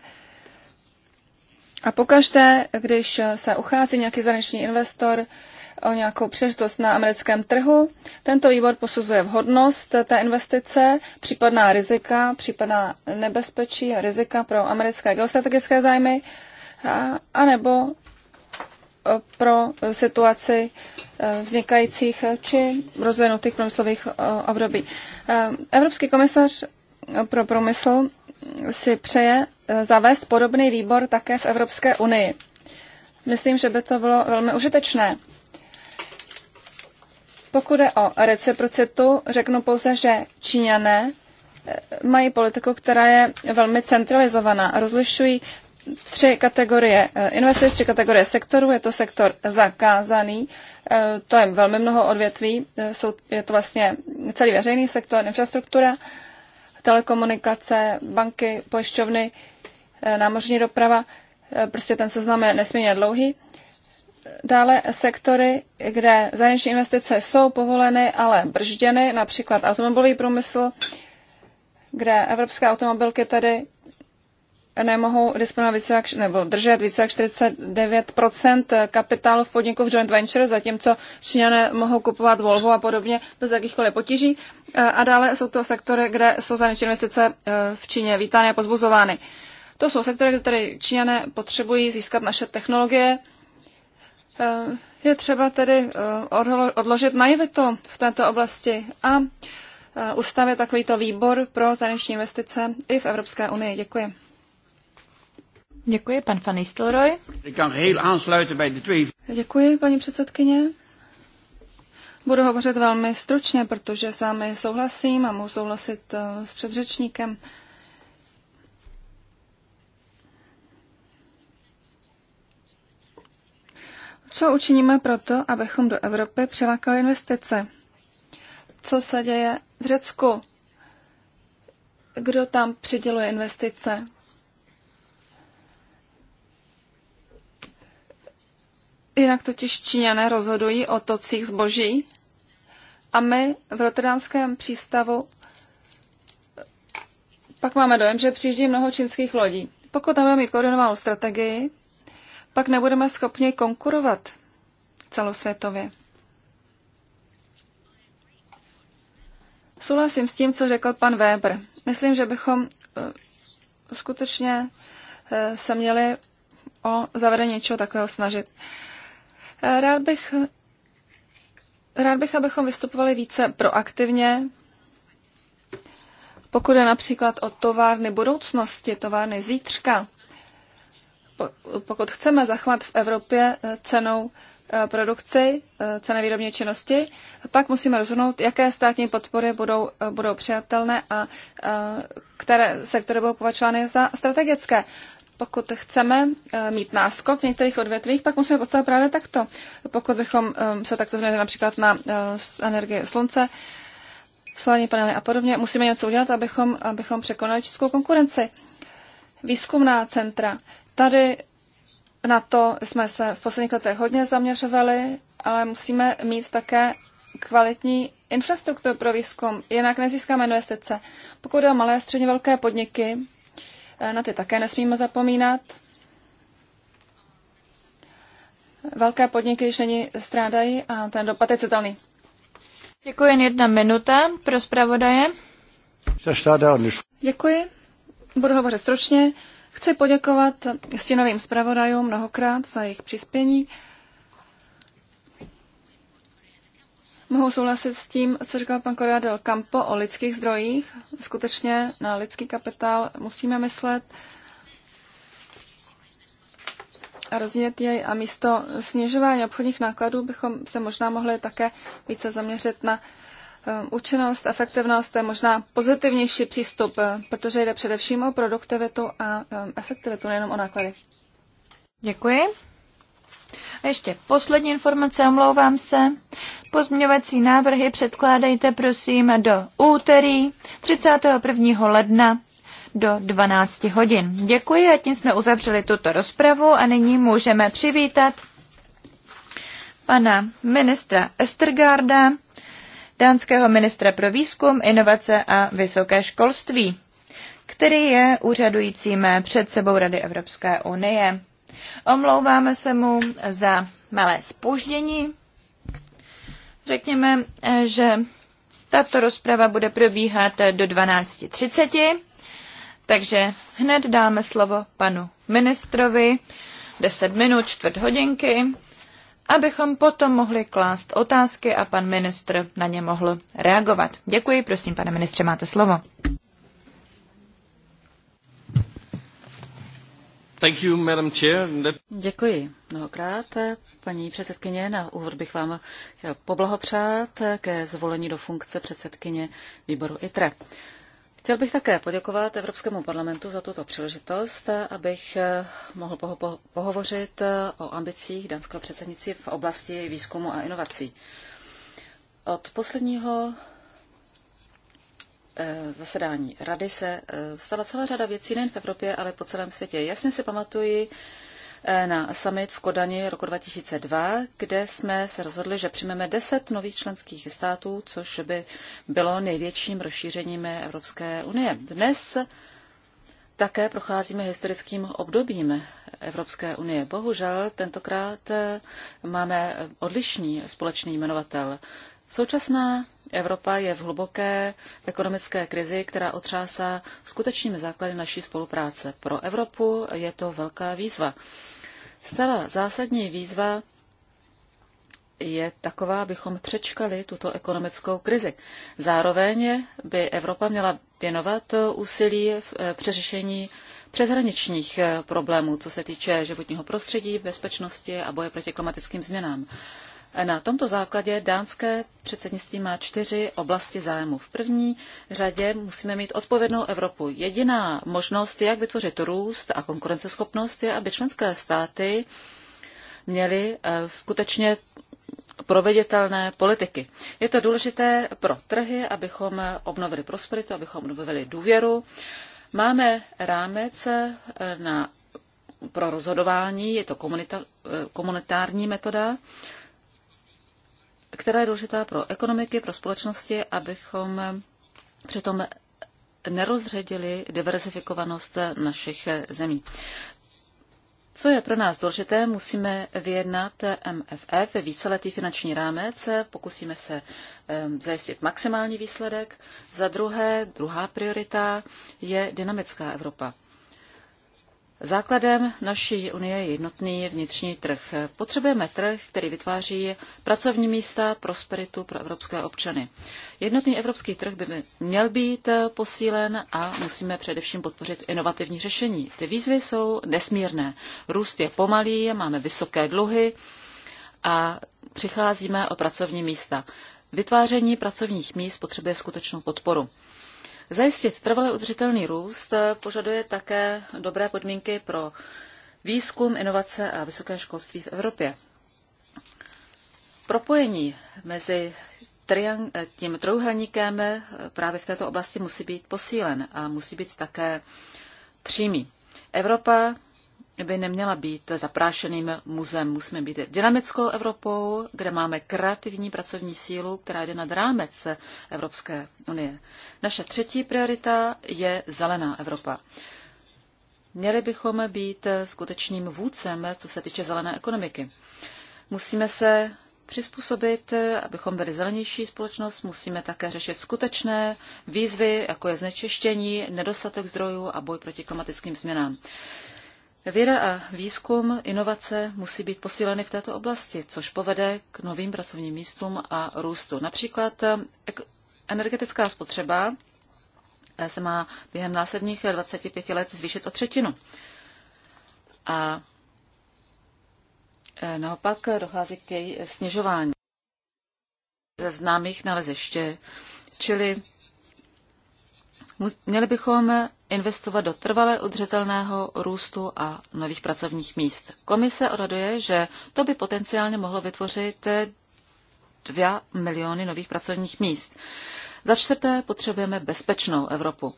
[SPEAKER 3] a pokaždé, když se uchází nějaký zahraniční investor o nějakou příležitost na americkém trhu, tento výbor posuzuje vhodnost té investice, případná rizika, případná nebezpečí a rizika pro americké geostrategické zájmy, a, anebo pro situaci Eh, vznikajících eh, či rozvinutých průmyslových eh, období. Evropský komisař pro průmysl si přeje zavést podobný výbor také v Evropské unii. Myslím, že by to bylo velmi užitečné. Pokud je o reciprocitu, řeknu pouze, že Číňané mají politiku, která je velmi centralizovaná. Rozlišují tři kategorie eh, investic, tři kategorie sektorů. Je to sektor zakázaný, eh, to je velmi mnoho odvětví, eh, jsou, je to vlastně celý veřejný sektor, infrastruktura, telekomunikace, banky, pojišťovny, námořní doprava, prostě ten seznam je nesmírně dlouhý. Dále sektory, kde zahraniční investice jsou povoleny, ale bržděny, například automobilový průmysl, kde evropské automobilky tedy nemohou disponovat více jak, nebo držet více jak 49 kapitálu v podniku v joint venture, zatímco Číňané mohou kupovat Volvo a podobně bez jakýchkoliv potíží. Eh, a dále jsou to sektory, kde jsou zahraniční investice eh, v Číně vítány a pozbuzovány. To jsou sektory, kde tedy Číňané potřebují získat naše technologie. Eh, je třeba tedy odložit naivitu v této oblasti a ustavit takovýto výbor pro zahraniční investice i v Evropské unii. Děkuji.
[SPEAKER 2] Děkuji, pan Van
[SPEAKER 3] Nistelrooy. Děkuji, paní předsedkyně. Budu hovořit velmi stručně, protože s vámi souhlasím a mohu souhlasit eh, s předřečníkem. Co učiníme proto, abychom do Evropy přilákali investice? Co se děje v Řecku? Kdo tam přiděluje investice? Jinak totiž Číňané rozhodují o tocích zboží a my v rotterdamském přístavu pak máme dojem, že přijíždí mnoho čínských lodí. Pokud nebudeme mít koordinovanou strategii, pak nebudeme schopni konkurovat celosvětově. Souhlasím s tím, co řekl pan Weber. Myslím, že bychom eh, skutečně eh, se měli o zavedení něčeho takového snažit. Rád bych, rád bych, abychom vystupovali více proaktivně, pokud je například o továrny budoucnosti, továrny zítřka, pokud chceme zachovat v Evropě eh, cenou eh, produkci, eh, ceny výrobní činnosti, pak musíme rozhodnout, jaké státní podpory budou, budou přijatelné a, a které sektory budou považovány za strategické. Pokud chceme eh, mít náskok v některých odvětvích, pak musíme postavit právě takto. Pokud bychom eh, se takto změnili například na eh, energie slunce, solární panely a podobně, musíme něco udělat, abychom, abychom překonali českou konkurenci. Výzkumná centra. Tady na to jsme se v posledních letech hodně zaměřovali, ale musíme mít také kvalitní infrastrukturu pro výzkum, jinak nezískáme investice. Pokud jde o malé a středně velké podniky, E, na ty také nesmíme zapomínat. Velké podniky již není strádají a ten dopad je
[SPEAKER 2] citelný. Děkuji, jen jedna minuta pro zpravodaje. Děkuji, budu hovořit stručně. Chci poděkovat stínovým
[SPEAKER 3] zpravodajům mnohokrát za jejich přispění. Mohu souhlasit s tím, co říkal pan Correa del Campo o lidských zdrojích. Skutečně na lidský kapitál musíme myslet a rozvíjet jej. A místo snižování obchodních nákladů bychom se možná mohli také více zaměřit na um, účinnost, efektivnost, to je možná pozitivnější přístup, protože jde především o produktivitu a um, efektivitu, nejenom o náklady.
[SPEAKER 2] Děkuji. A ještě poslední informace, omlouvám se. Pozměňovací návrhy předkládejte prosím do úterý 31. ledna do 12 hodin. Děkuji a tím jsme uzavřeli tuto rozpravu a nyní můžeme přivítat pana ministra Estergarda, dánského ministra pro výzkum, inovace a vysoké školství, který je úřadujícím sebou Rady Evropské unie. Omlouváme se mu za malé spoždění. Řekněme, že tato rozprava bude probíhat do 12.30, takže hned dáme slovo panu ministrovi 10 minut, čtvrt hodinky, abychom potom mohli klást otázky a pan ministr na ně mohl reagovat. Děkuji, prosím, pane ministře, máte slovo.
[SPEAKER 3] Thank you, Madam Chair.
[SPEAKER 1] Děkuji mnohokrát. Paní předsedkyně, na úvod bych vám chtěl poblahopřát ke zvolení do funkce předsedkyně výboru ITRE. Chtěl bych také poděkovat Evropskému parlamentu za tuto příležitost, abych mohl poho- pohovořit o ambicích dánského předsednictví v oblasti výzkumu a inovací. Od posledního Eh, zasedání rady se eh, stala celá řada věcí nejen v Evropě, ale po celém světě. Jasně si pamatuji eh, na summit v Kodani roku 2002, kde jsme se rozhodli, že přijmeme 10 nových členských států, což by bylo největším rozšířením Evropské unie. Dnes také procházíme historickým obdobím Evropské unie. Bohužel tentokrát máme odlišný společný jmenovatel. Současná Evropa je v hluboké ekonomické krizi, která otřásá skutečnými základy naší spolupráce. Pro Evropu je to velká výzva. Stala zásadní výzva je taková, abychom přečkali tuto ekonomickou krizi. Zároveň by Evropa měla věnovat úsilí v eh, přeřešení přeshraničních eh, problémů, co se týče životního prostředí, bezpečnosti a boje proti klimatickým změnám. Na tomto základě dánské předsednictví má čtyři oblasti zájmu. V první řadě musíme mít odpovědnou Evropu. Jediná možnost, jak vytvořit růst a konkurenceschopnost, je, aby členské státy měly eh, skutečně proveditelné politiky. Je to důležité pro trhy, abychom obnovili prosperitu, abychom obnovili důvěru. Máme rámec eh, na, pro rozhodování, je to komunita, eh, komunitární metoda která je důležitá pro ekonomiky, pro společnosti, abychom přitom nerozředili diverzifikovanost našich zemí. Co je pro nás důležité, musíme vyjednat MFF, víceletý finanční rámec, pokusíme se ehm, zajistit maximální výsledek. Za druhé, druhá priorita je dynamická Evropa. Základem naší unie je jednotný vnitřní trh. Potřebujeme trh, který vytváří pracovní místa, prosperitu pro evropské občany. Jednotný evropský trh by měl být posílen a musíme především podpořit inovativní řešení. Ty výzvy jsou nesmírné. Růst je pomalý, máme vysoké dluhy a přicházíme o pracovní místa. Vytváření pracovních míst potřebuje skutečnou podporu. Zajistit trvalý udržitelný růst eh, požaduje také dobré podmínky pro výzkum, inovace a vysoké školství v Evropě. Propojení mezi eh, tím trojuhelníkem eh, právě v této oblasti musí být posílen a musí být také přímý. Evropa by neměla být zaprášeným muzem. Musíme být dynamickou Evropou, kde máme kreativní pracovní sílu, která jde nad rámec Evropské unie. Naše třetí priorita je zelená Evropa. Měli bychom být skutečným vůdcem, co se týče zelené ekonomiky. Musíme se přizpůsobit, abychom byli zelenější společnost, musíme také řešit skutečné výzvy, jako je znečištění, nedostatek zdrojů a boj proti klimatickým změnám. Věda a výzkum, inovace musí být posíleny v této oblasti, což povede k novým pracovním místům a růstu. Například eh, energetická spotřeba eh, se má během následních 25 eh, let zvýšit o třetinu. A naopak dochází k její snižování ze známých naleziště, čili Měli bychom investovat do trvalé udržitelného růstu a nových pracovních míst. Komise odhaduje, že to by potenciálně mohlo vytvořit 2 miliony nových pracovních míst. Za čtvrté potřebujeme bezpečnou Evropu.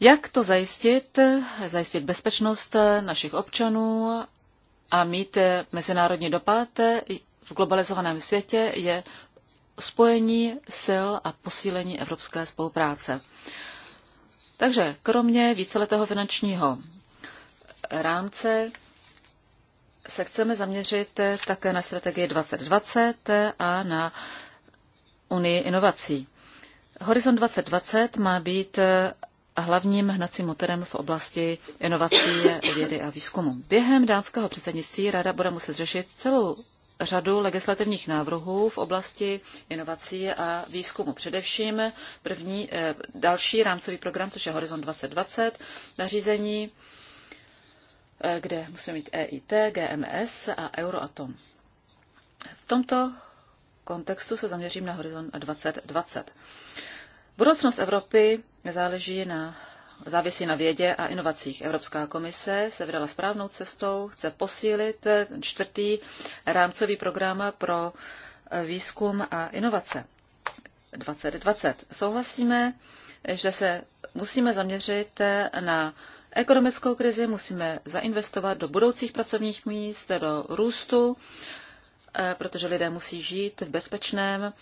[SPEAKER 1] Jak to zajistit? Zajistit bezpečnost našich občanů a mít mezinárodní dopad v globalizovaném světě je spojení sil a posílení evropské spolupráce. Takže kromě víceletého finančního rámce se chceme zaměřit také na strategii 2020 a na Unii inovací. Horizont 2020 má být hlavním hnacím motorem v oblasti inovací, vědy a výzkumu. Během dánského předsednictví rada bude muset řešit celou řadu legislativních návrhů v oblasti inovací a výzkumu. Především první, eh, další rámcový program, což je Horizon 2020, nařízení, eh, kde musíme mít EIT, GMS a Euroatom. V tomto kontextu se zaměřím na Horizon 2020. Budoucnost Evropy záleží na závisí na vědě a inovacích. Evropská komise se vydala správnou cestou, chce posílit ten čtvrtý rámcový program pro e, výzkum a inovace 2020. Souhlasíme, že se musíme zaměřit na ekonomickou krizi, musíme zainvestovat do budoucích pracovních míst, do růstu, e, protože lidé musí žít v bezpečném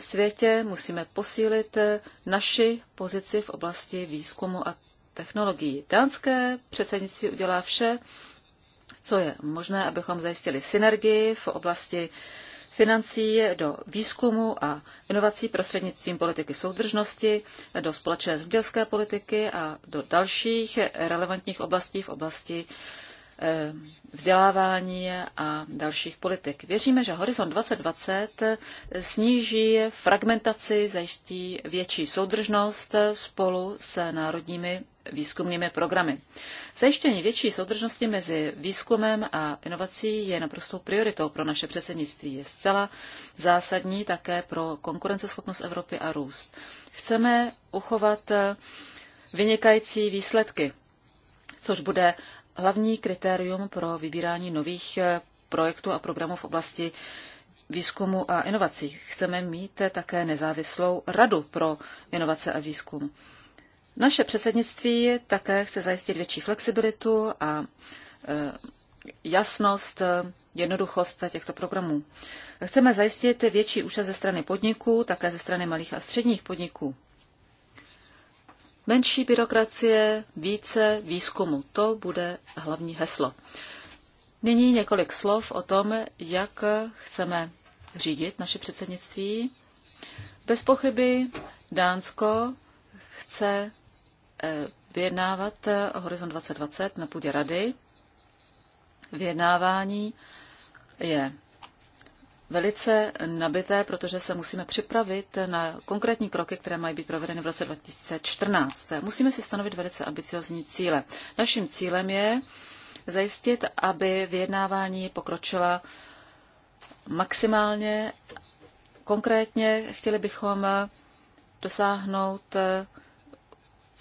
[SPEAKER 1] světě musíme posílit eh, naši pozici v oblasti výzkumu a technologií. Dánské předsednictví udělá vše, co je možné, abychom zajistili synergii v oblasti financí do výzkumu a inovací prostřednictvím politiky soudržnosti, do společné zemědělské politiky a do dalších relevantních oblastí v oblasti Eh, vzdělávání a dalších politik. Věříme, že Horizont 2020 eh, sníží fragmentaci, zajistí větší soudržnost eh, spolu s národními výzkumnými programy. Zajištění větší soudržnosti mezi výzkumem a inovací je naprostou prioritou pro naše předsednictví. Je zcela zásadní také pro konkurenceschopnost Evropy a růst. Chceme uchovat vynikající výsledky, což bude hlavní kritérium pro vybírání nových eh, projektů a programů v oblasti výzkumu a inovací. Chceme mít eh, také nezávislou radu pro inovace a výzkum. Naše předsednictví také chce zajistit větší flexibilitu a eh, jasnost, jednoduchost těchto programů. Chceme zajistit větší účast ze strany podniků, také ze strany malých a středních podniků. Menší byrokracie, více výzkumu. To bude hlavní heslo. Nyní několik slov o tom, jak chceme řídit naše předsednictví. Bez pochyby Dánsko chce eh, vyjednávat eh, Horizon 2020 na půdě rady. Vyjednávání je velice nabité, protože se musíme připravit na konkrétní kroky, které mají být provedeny v roce 2014. Musíme si stanovit velice ambiciozní cíle. Naším cílem je zajistit, aby vyjednávání pokročila maximálně. Konkrétně chtěli bychom dosáhnout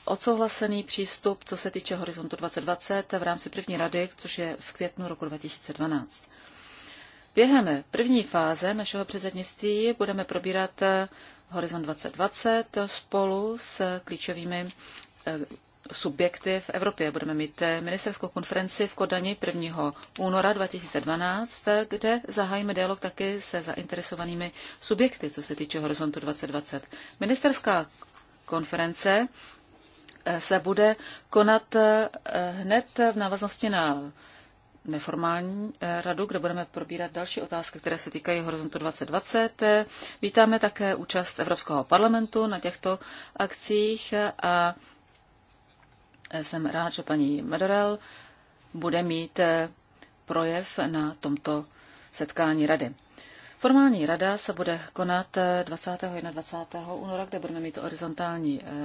[SPEAKER 1] odsouhlasený přístup, co se týče horizontu 2020 v rámci první rady, což je v květnu roku 2012. Během první fáze našeho předsednictví budeme probírat eh, Horizon 2020 spolu s klíčovými eh, subjekty v Evropě. Budeme mít eh, ministerskou konferenci v Kodani 1. února 2012, kde zahájíme dialog taky se zainteresovanými subjekty, co se týče Horizontu 2020. Ministerská konference se bude konat hned v návaznosti na neformální eh, radu, kde budeme probírat další otázky, které se týkají Horizontu 2020. Vítáme také účast Evropského parlamentu na těchto akcích a jsem rád, že paní Medorel bude mít eh, projev na tomto setkání rady. Formální rada se bude konat 20. Eh, 21. února, kde budeme mít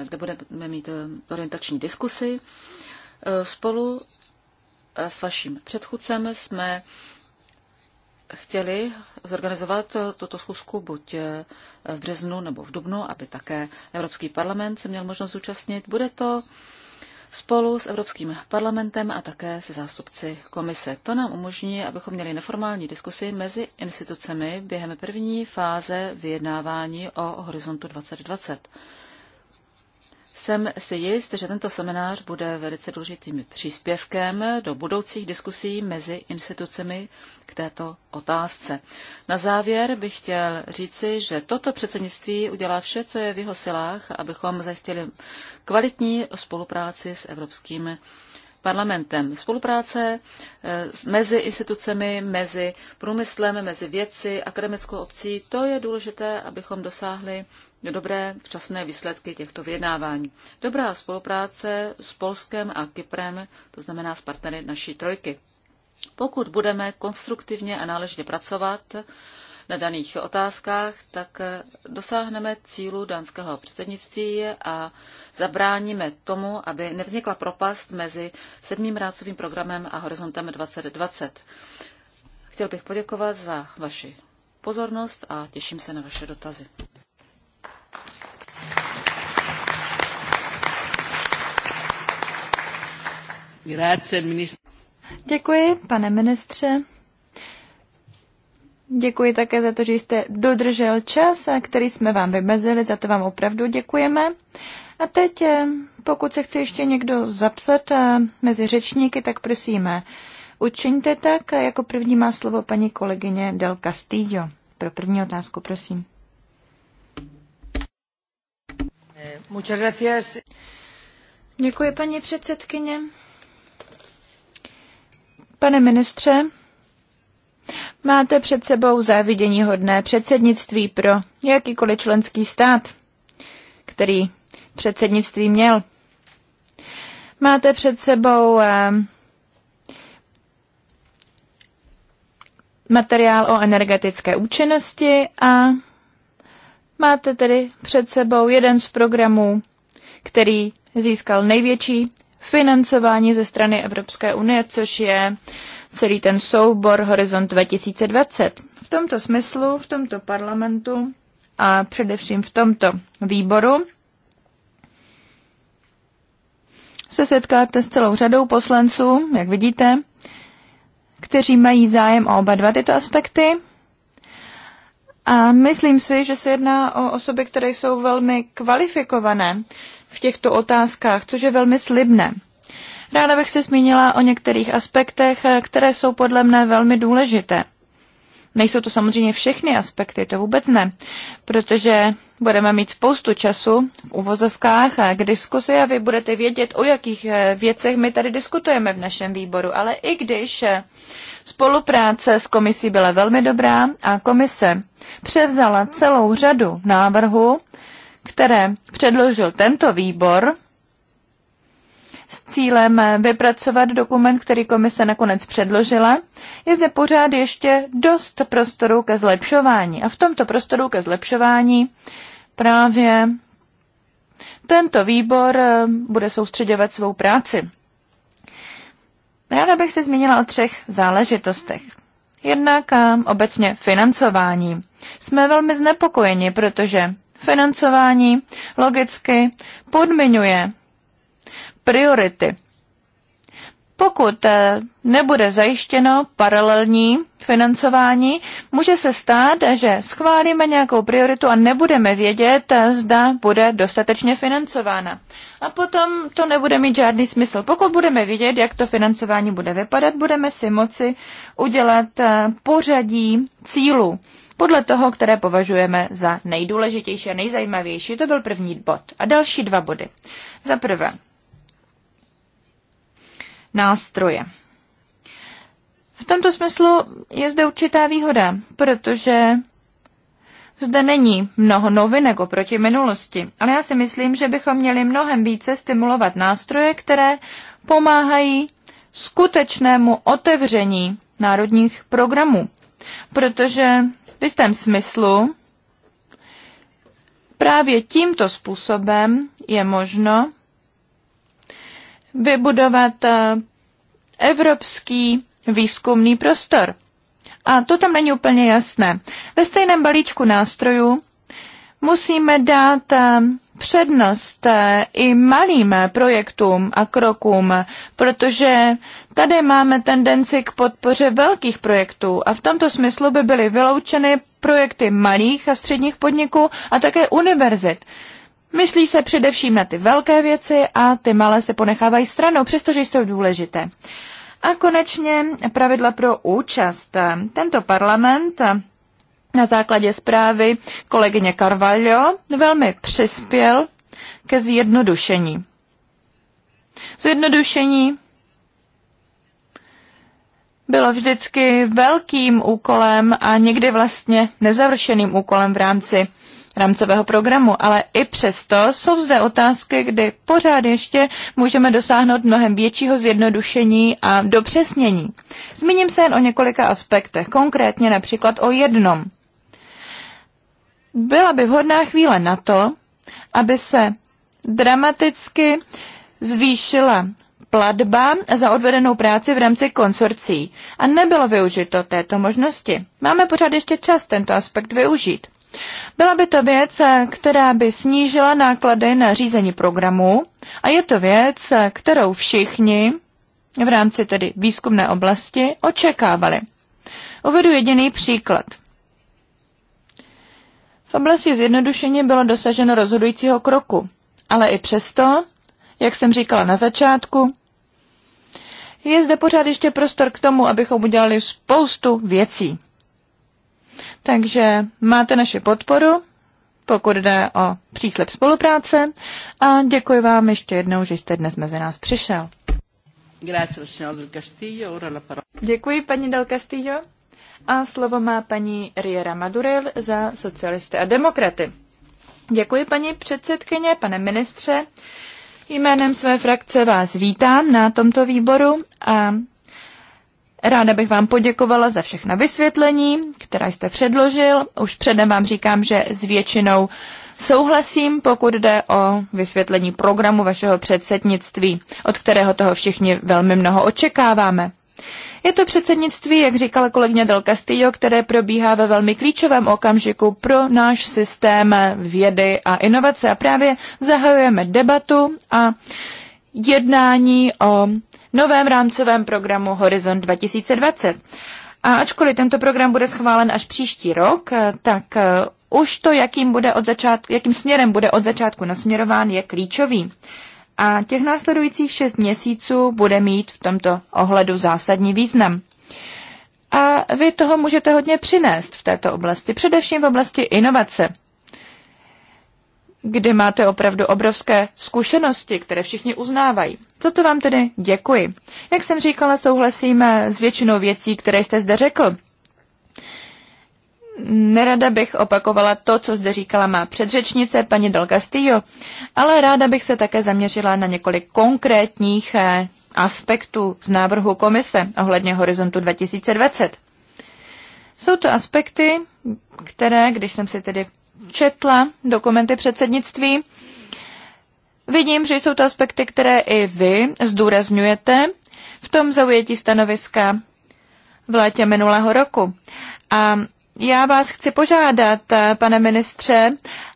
[SPEAKER 1] kde budeme mít orientační diskusy. Spolu s vaším předchůdcem jsme chtěli zorganizovat tuto schůzku buď eh, v březnu nebo v dubnu, aby také Evropský parlament se měl možnost zúčastnit. Bude to spolu s Evropským parlamentem a také se zástupci komise. To nám umožní, abychom měli neformální diskusi mezi institucemi během první fáze vyjednávání o horizontu 2020. Jsem si jist, že tento seminář bude velice důležitým příspěvkem do budoucích diskusí mezi institucemi k této otázce. Na závěr bych chtěl říci, že toto předsednictví udělá vše, co je v jeho silách, abychom zajistili kvalitní spolupráci s Evropským parlamentem. Spolupráce eh, mezi institucemi, mezi průmyslem, mezi vědci, akademickou obcí, to je důležité, abychom dosáhli dobré včasné výsledky těchto vyjednávání. Dobrá spolupráce s Polskem a Kyprem, to znamená s partnery naší trojky. Pokud budeme konstruktivně a náležitě pracovat, na daných otázkách, tak eh, dosáhneme cílu dánského předsednictví a zabráníme tomu, aby nevznikla propast mezi sedmým rácovým programem a horizontem 2020. Chtěl bych poděkovat za vaši pozornost a těším se na vaše
[SPEAKER 2] dotazy. Děkuji, pane ministře. Děkuji také za to, že jste dodržel čas, který jsme vám vymezili, za to vám opravdu děkujeme. A teď, eh, pokud se chce ještě někdo zapsat eh, mezi řečníky, tak prosíme, učiňte tak. Jako první má slovo paní kolegyně Del Castillo. Pro první otázku, prosím. Muchas gracias. Děkuji, paní předsedkyně. Pane ministře, Máte před sebou závidění hodné předsednictví pro jakýkoliv členský stát, který předsednictví měl. Máte před sebou eh, materiál o energetické účinnosti a máte tedy před sebou jeden z programů, který získal největší financování ze strany Evropské unie, což je celý ten soubor Horizont 2020. V tomto smyslu, v tomto parlamentu a především v tomto výboru se setkáte s celou řadou poslanců, jak vidíte, kteří mají zájem o oba dva tyto aspekty. A myslím si, že se jedná o osoby, které jsou velmi kvalifikované v těchto otázkách, což je velmi slibné. Ráda bych se zmínila o některých aspektech, eh, které jsou podle mne velmi důležité. Nejsou to samozřejmě všechny aspekty, to vůbec ne, protože budeme mít spoustu času v uvozovkách a k diskusi a vy budete vědět, o jakých eh, věcech my tady diskutujeme v našem výboru. Ale i když eh, spolupráce s komisí byla velmi dobrá a komise převzala celou řadu návrhů, které předložil tento výbor s cílem vypracovat dokument, který komise nakonec předložila. Je zde pořád ještě dost prostoru ke zlepšování. A v tomto prostoru ke zlepšování právě tento výbor eh, bude soustředěvat svou práci. Ráda bych se zmínila o třech záležitostech. Jednak eh, obecně financování. Jsme velmi znepokojeni, protože financování logicky podmiňuje priority. Pokud eh, nebude zajištěno paralelní financování, může se stát, že schválíme nějakou prioritu a nebudeme vědět, eh, zda bude dostatečně financována. A potom to nebude mít žádný smysl. Pokud budeme vědět, jak to financování bude vypadat, budeme si moci udělat eh, pořadí cílů podle toho, které považujeme za nejdůležitější a nejzajímavější. To byl první bod. A další dva body. Za prvé, nástroje. V tomto smyslu je zde určitá výhoda, protože zde není mnoho novinek jako oproti minulosti, ale já si myslím, že bychom měli mnohem více stimulovat nástroje, které pomáhají skutečnému otevření národních programů. Protože v jistém smyslu právě tímto způsobem je možno vybudovat eh, evropský výzkumný prostor. A to tam není úplně jasné. Ve stejném balíčku nástrojů musíme dát eh, přednost eh, i malým projektům a krokům, protože tady máme tendenci k podpoře velkých projektů a v tomto smyslu by byly vyloučeny projekty malých a středních podniků a také univerzit. Myslí se především na ty velké věci a ty malé se ponechávají stranou, přestože jsou důležité. A konečně pravidla pro účast. Tento parlament na základě zprávy kolegyně Carvalho velmi přispěl ke zjednodušení. Zjednodušení bylo vždycky velkým úkolem a někdy vlastně nezavršeným úkolem v rámci rámcového programu, ale i přesto jsou zde otázky, kdy pořád ještě můžeme dosáhnout mnohem většího zjednodušení a dopřesnění. Zmíním se jen o několika aspektech, konkrétně například o jednom. Byla by vhodná chvíle na to, aby se dramaticky zvýšila platba za odvedenou práci v rámci konsorcí a nebylo využito této možnosti. Máme pořád ještě čas tento aspekt využít. Byla by to věc, která by snížila náklady na řízení programu a je to věc, kterou všichni v rámci tedy výzkumné oblasti očekávali. Uvedu jediný příklad. V oblasti zjednodušení bylo dosaženo rozhodujícího kroku, ale i přesto, jak jsem říkala na začátku, je zde pořád ještě prostor k tomu, abychom udělali spoustu věcí. Takže máte naši podporu, pokud jde o příslip spolupráce a děkuji vám ještě jednou, že jste dnes mezi nás přišel. Děkuji, paní Del Castillo. A slovo má paní Riera Maduril za socialisty a demokraty. Děkuji, paní předsedkyně, pane ministře. Jménem své frakce vás vítám na tomto výboru a Ráda bych vám poděkovala za všechna vysvětlení, která jste předložil. Už předem vám říkám, že s většinou souhlasím, pokud jde o vysvětlení programu vašeho předsednictví, od kterého toho všichni velmi mnoho očekáváme. Je to předsednictví, jak říkala kolegyně Del Castillo, které probíhá ve velmi klíčovém okamžiku pro náš systém vědy a inovace. A právě zahajujeme debatu a jednání o novém rámcovém programu Horizon 2020. A ačkoliv tento program bude schválen až příští rok, eh, tak eh, už to, jakým, bude od začátku, jakým směrem bude od začátku nasměrován, je klíčový. A těch následujících šest měsíců bude mít v tomto ohledu zásadní význam. A vy toho můžete hodně přinést v této oblasti, především v oblasti inovace kde máte opravdu obrovské zkušenosti, které všichni uznávají. Za to vám tedy děkuji. Jak jsem říkala, souhlasíme s většinou věcí, které jste zde řekl. Nerada bych opakovala to, co zde říkala má předřečnice, paní Del Castillo, ale ráda bych se také zaměřila na několik konkrétních eh, aspektů z návrhu komise ohledně horizontu 2020. Jsou to aspekty, které, když jsem si tedy četla dokumenty předsednictví, vidím, že jsou to aspekty, které i vy zdůrazňujete v tom zaujetí stanoviska v létě minulého roku. A já vás chci požádat, pane ministře,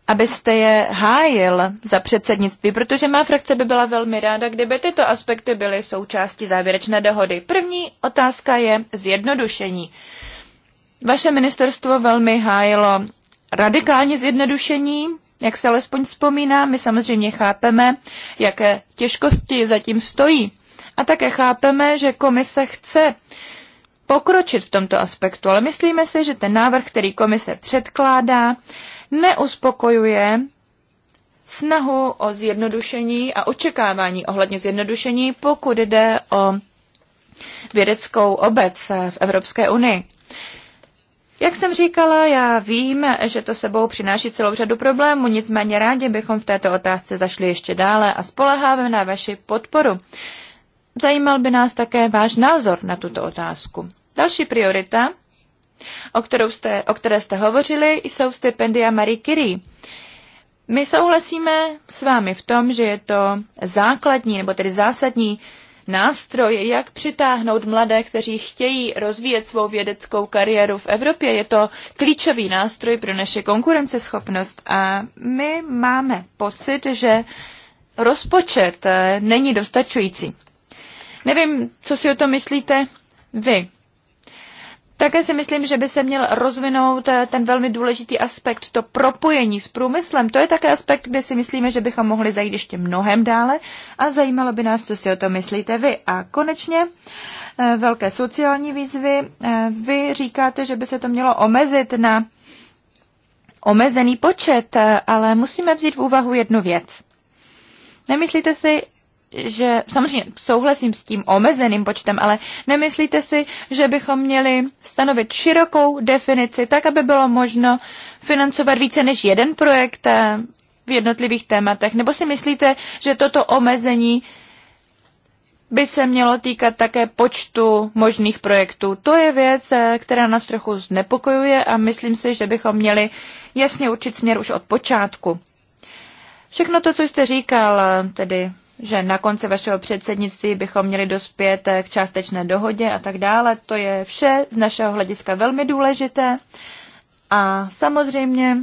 [SPEAKER 2] abyste je hájil za předsednictví, protože má frakce by byla velmi ráda, kdyby tyto aspekty byly součástí závěrečné dohody. První otázka je zjednodušení. Vaše ministerstvo velmi hájilo radikální zjednodušení, jak se alespoň vzpomíná, my samozřejmě chápeme, jaké těžkosti zatím stojí. A také chápeme, že komise chce pokročit v tomto aspektu, ale myslíme si, že ten návrh, který komise předkládá, neuspokojuje snahu o zjednodušení a očekávání ohledně zjednodušení, pokud jde o vědeckou obec v Evropské unii. Jak jsem říkala, já vím, že to sebou přináší celou řadu problémů, nicméně rádi bychom v této otázce zašli ještě dále a spoleháme na vaši podporu. Zajímal by nás také váš názor na tuto otázku. Další priorita, o, kterou jste, o které jste hovořili, jsou stipendia Marie Curie. My souhlasíme s vámi v tom, že je to základní nebo tedy zásadní Nástroj, jak přitáhnout mladé, kteří chtějí rozvíjet svou vědeckou kariéru v Evropě. Je to klíčový nástroj pro naše konkurenceschopnost a my máme pocit, že rozpočet eh, není dostačující. Nevím, co si o to myslíte vy. Také si myslím, že by se měl rozvinout eh, ten velmi důležitý aspekt, to propojení s průmyslem. To je také aspekt, kde si myslíme, že bychom mohli zajít ještě mnohem dále a zajímalo by nás, co si o to myslíte vy. A konečně eh, velké sociální výzvy. Eh, vy říkáte, že by se to mělo omezit na omezený počet, ale musíme vzít v úvahu jednu věc. Nemyslíte si, že samozřejmě souhlasím s tím omezeným počtem, ale nemyslíte si, že bychom měli stanovit širokou definici, tak aby bylo možno financovat více než jeden projekt eh, v jednotlivých tématech? Nebo si myslíte, že toto omezení by se mělo týkat také počtu možných projektů. To je věc, eh, která nás trochu znepokojuje a myslím si, že bychom měli jasně určit směr už od počátku. Všechno to, co jste říkal, eh, tedy že na konci vašeho předsednictví bychom měli dospět eh, k částečné dohodě a tak dále. To je vše z našeho hlediska velmi důležité. A samozřejmě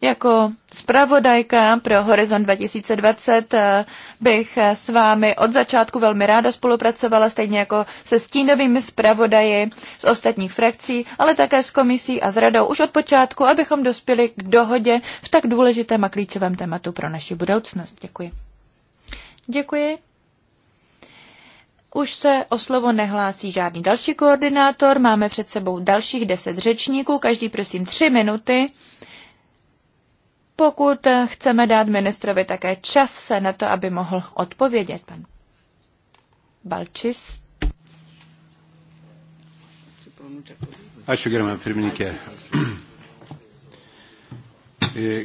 [SPEAKER 2] jako zpravodajka pro Horizon 2020 eh, bych s vámi od začátku velmi ráda spolupracovala, stejně jako se stínovými zpravodaji z ostatních frakcí, ale také s komisí a s radou už od počátku, abychom dospěli k dohodě v tak důležitém a klíčovém tématu pro naši budoucnost. Děkuji. Děkuji. Už se o slovo nehlásí žádný další koordinátor, máme před sebou dalších deset řečníků, každý prosím tři minuty pokud chceme dát ministrovi také čas na to, aby mohl odpovědět. Pan Balčis.
[SPEAKER 3] Ačiū, gerbiamą pirmininkę.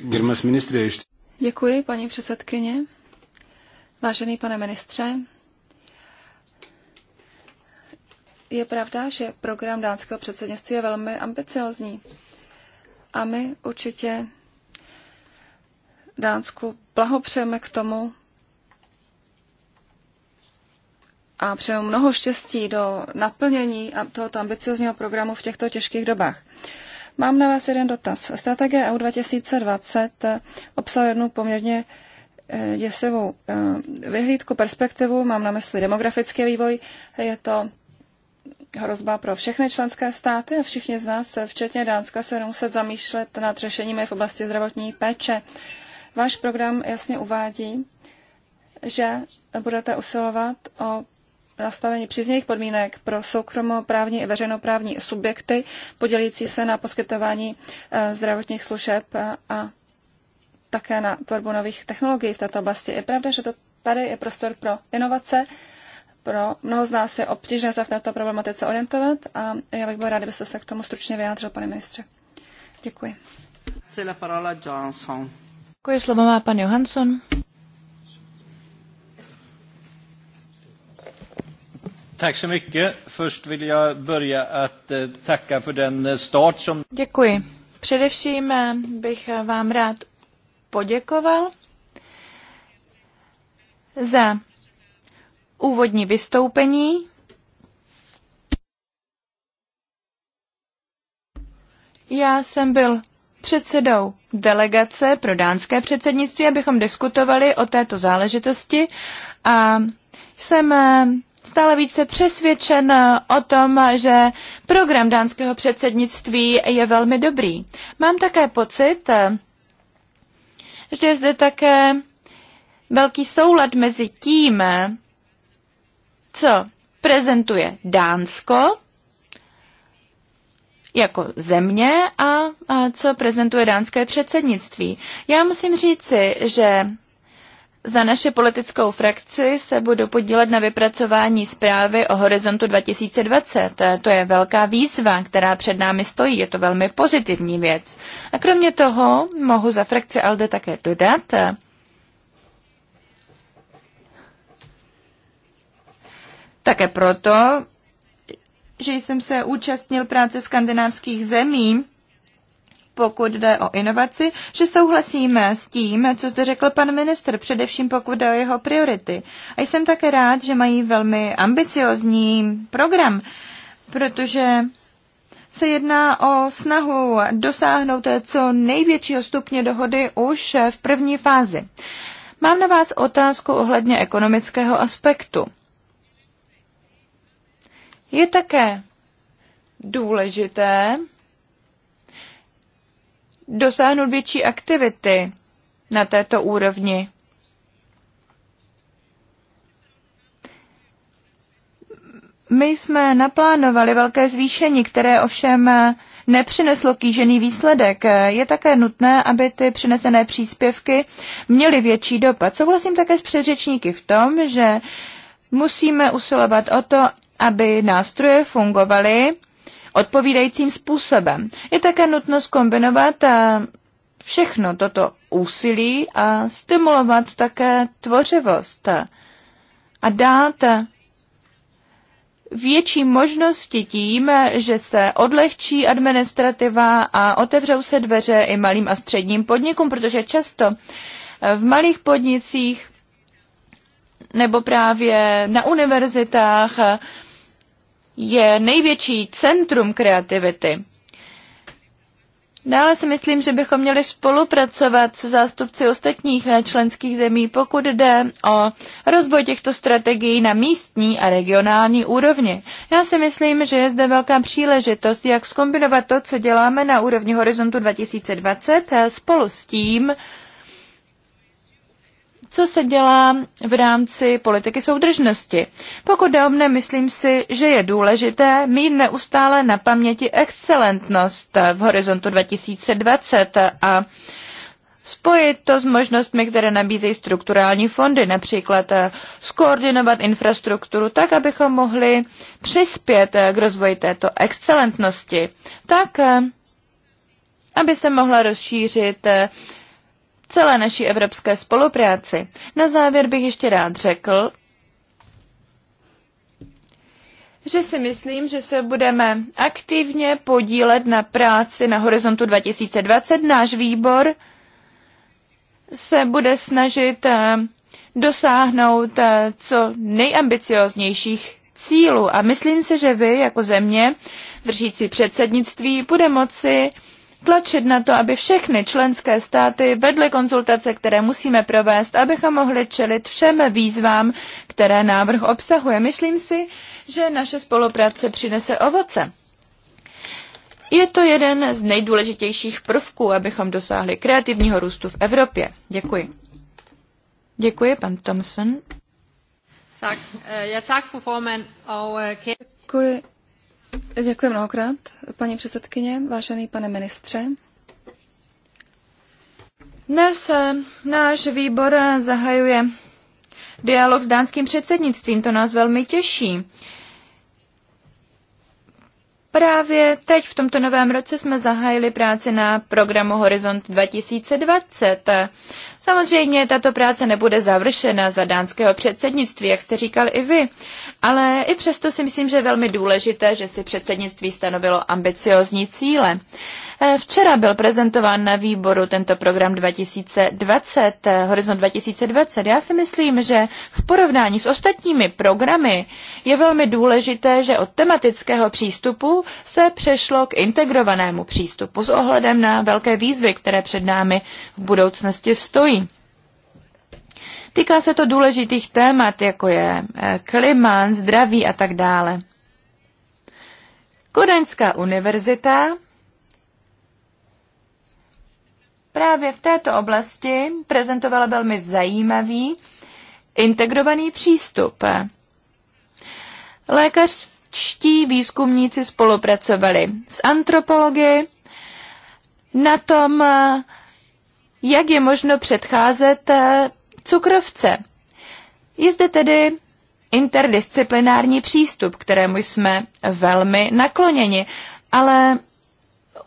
[SPEAKER 3] Gerbiamas ministrė, iš Děkuji, paní předsedkyně. Vážený pane ministře, je pravda, že program dánského předsednictví je velmi ambiciozní. A my určitě Dánsku. Blahopřejeme k tomu a přejeme mnoho štěstí do naplnění tohoto ambiciozního programu v těchto těžkých dobách. Mám na vás jeden dotaz. Strategie EU 2020 eh, obsahuje jednu poměrně eh, děsivou eh, vyhlídku, perspektivu, mám na mysli demografický vývoj. Je to hrozba pro všechny členské státy a všichni z nás, včetně Dánska, se budou muset zamýšlet nad řešeními v oblasti zdravotní péče. Váš program jasně uvádí, že budete usilovat o nastavení příznivých podmínek pro soukromoprávní i veřejnoprávní subjekty podělící se na poskytování eh, zdravotních služeb eh, a také na tvorbu nových technologií v této oblasti. Je pravda, že to tady je prostor pro inovace, pro mnoho z nás je obtížné se v této problematice orientovat a já bych byla ráda, kdybyste se k tomu stručně vyjádřil, pane ministře. Děkuji.
[SPEAKER 1] C'est la parole Johnson.
[SPEAKER 2] Děkuji, slovo má pan Johansson. Eh, eh, Děkuji. Především eh, bych vám rád poděkoval za úvodní vystoupení. Já jsem byl předsedou delegace pro dánské předsednictví, abychom diskutovali o této záležitosti a jsem eh, stále více přesvědčen eh, o tom, že program dánského předsednictví je velmi dobrý. Mám také pocit, eh, že je zde také velký soulad mezi tím, co prezentuje Dánsko jako země a, a co prezentuje dánské předsednictví. Já musím říci, že za naše politickou frakci se budu podílet na vypracování zprávy o horizontu 2020. To je velká výzva, která před námi stojí. Je to velmi pozitivní věc. A kromě toho mohu za frakci ALDE také dodat, také proto, že jsem se účastnil práce skandinávských zemí, pokud jde o inovaci, že souhlasíme s tím, co zde řekl pan ministr, především pokud jde o jeho priority. A jsem také rád, že mají velmi ambiciozní program, protože se jedná o snahu dosáhnout co největšího stupně dohody už v první fázi. Mám na vás otázku ohledně ekonomického aspektu. Je také důležité dosáhnout větší aktivity na této úrovni. My jsme naplánovali velké zvýšení, které ovšem nepřineslo kýžený výsledek. Je také nutné, aby ty přinesené příspěvky měly větší dopad. Souhlasím také s předřečníky v tom, že musíme usilovat o to, aby nástroje fungovaly odpovídajícím způsobem. Je také nutno skombinovat eh, všechno toto úsilí a stimulovat také tvořivost a dát větší možnosti tím, že se odlehčí administrativa a otevřou se dveře i malým a středním podnikům, protože často eh, v malých podnicích nebo právě na univerzitách eh, je největší centrum kreativity. Dále si myslím, že bychom měli spolupracovat se zástupci ostatních členských zemí, pokud jde o rozvoj těchto strategií na místní a regionální úrovni. Já si myslím, že je zde velká příležitost, jak skombinovat to, co děláme na úrovni Horizontu 2020, spolu s tím, co se dělá v rámci politiky soudržnosti. Pokud jde o mne, myslím si, že je důležité mít neustále na paměti excelentnost v horizontu 2020 a spojit to s možnostmi, které nabízejí strukturální fondy, například eh, skoordinovat infrastrukturu tak, abychom mohli přispět eh, k rozvoji této excelentnosti, tak, eh, aby se mohla rozšířit celé naší evropské spolupráci. Na závěr bych ještě rád řekl, že si myslím, že se budeme aktivně podílet na práci na Horizontu 2020. Náš výbor se bude snažit eh, dosáhnout eh, co nejambicioznějších cílů. A myslím si, že vy jako země držící předsednictví bude moci tlačit na to, aby všechny členské státy vedly konzultace, které musíme provést, abychom mohli čelit všem výzvám, které návrh obsahuje. Myslím si, že naše spolupráce přinese ovoce. Je to jeden z nejdůležitějších prvků, abychom dosáhli kreativního růstu v Evropě. Děkuji. Děkuji, pan Thomson.
[SPEAKER 3] Tak, eh, já tak, a eh, Děkuji, Děkuji mnohokrát, paní předsedkyně, vážený pane ministře.
[SPEAKER 2] Dnes eh, náš výbor eh, zahajuje dialog s dánským předsednictvím. To nás velmi těší. Právě teď v tomto novém roce jsme zahájili práci na programu Horizont 2020. Samozřejmě tato práce nebude završena za dánského předsednictví, jak jste říkal i vy, ale i přesto si myslím, že je velmi důležité, že si předsednictví stanovilo ambiciozní cíle. Eh, včera byl prezentován na výboru tento program 2020, eh, Horizont 2020. Já si myslím, že v porovnání s ostatními programy je velmi důležité, že od tematického přístupu se přešlo k integrovanému přístupu s ohledem na velké výzvy, které před námi v budoucnosti stojí. Týká se to důležitých témat, jako je eh, klima, zdraví a tak dále. Kodaňská univerzita právě v této oblasti prezentovala velmi zajímavý integrovaný přístup. Lékařští výzkumníci spolupracovali s antropology na tom, eh, jak je možno předcházet eh, cukrovce. Je zde tedy interdisciplinární přístup, kterému jsme velmi nakloněni, ale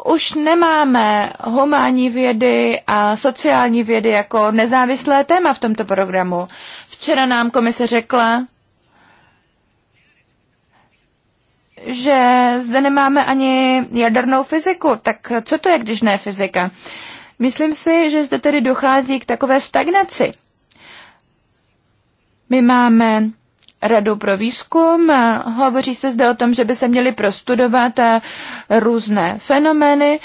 [SPEAKER 2] už nemáme humánní vědy a sociální vědy jako nezávislé téma v tomto programu. Včera nám komise řekla, že zde nemáme ani jadernou fyziku. Tak co to je, když ne fyzika? Myslím si, že zde tedy dochází k takové stagnaci my máme Radu pro výzkum. Hovoří se zde o tom, že by se měly prostudovat různé fenomény.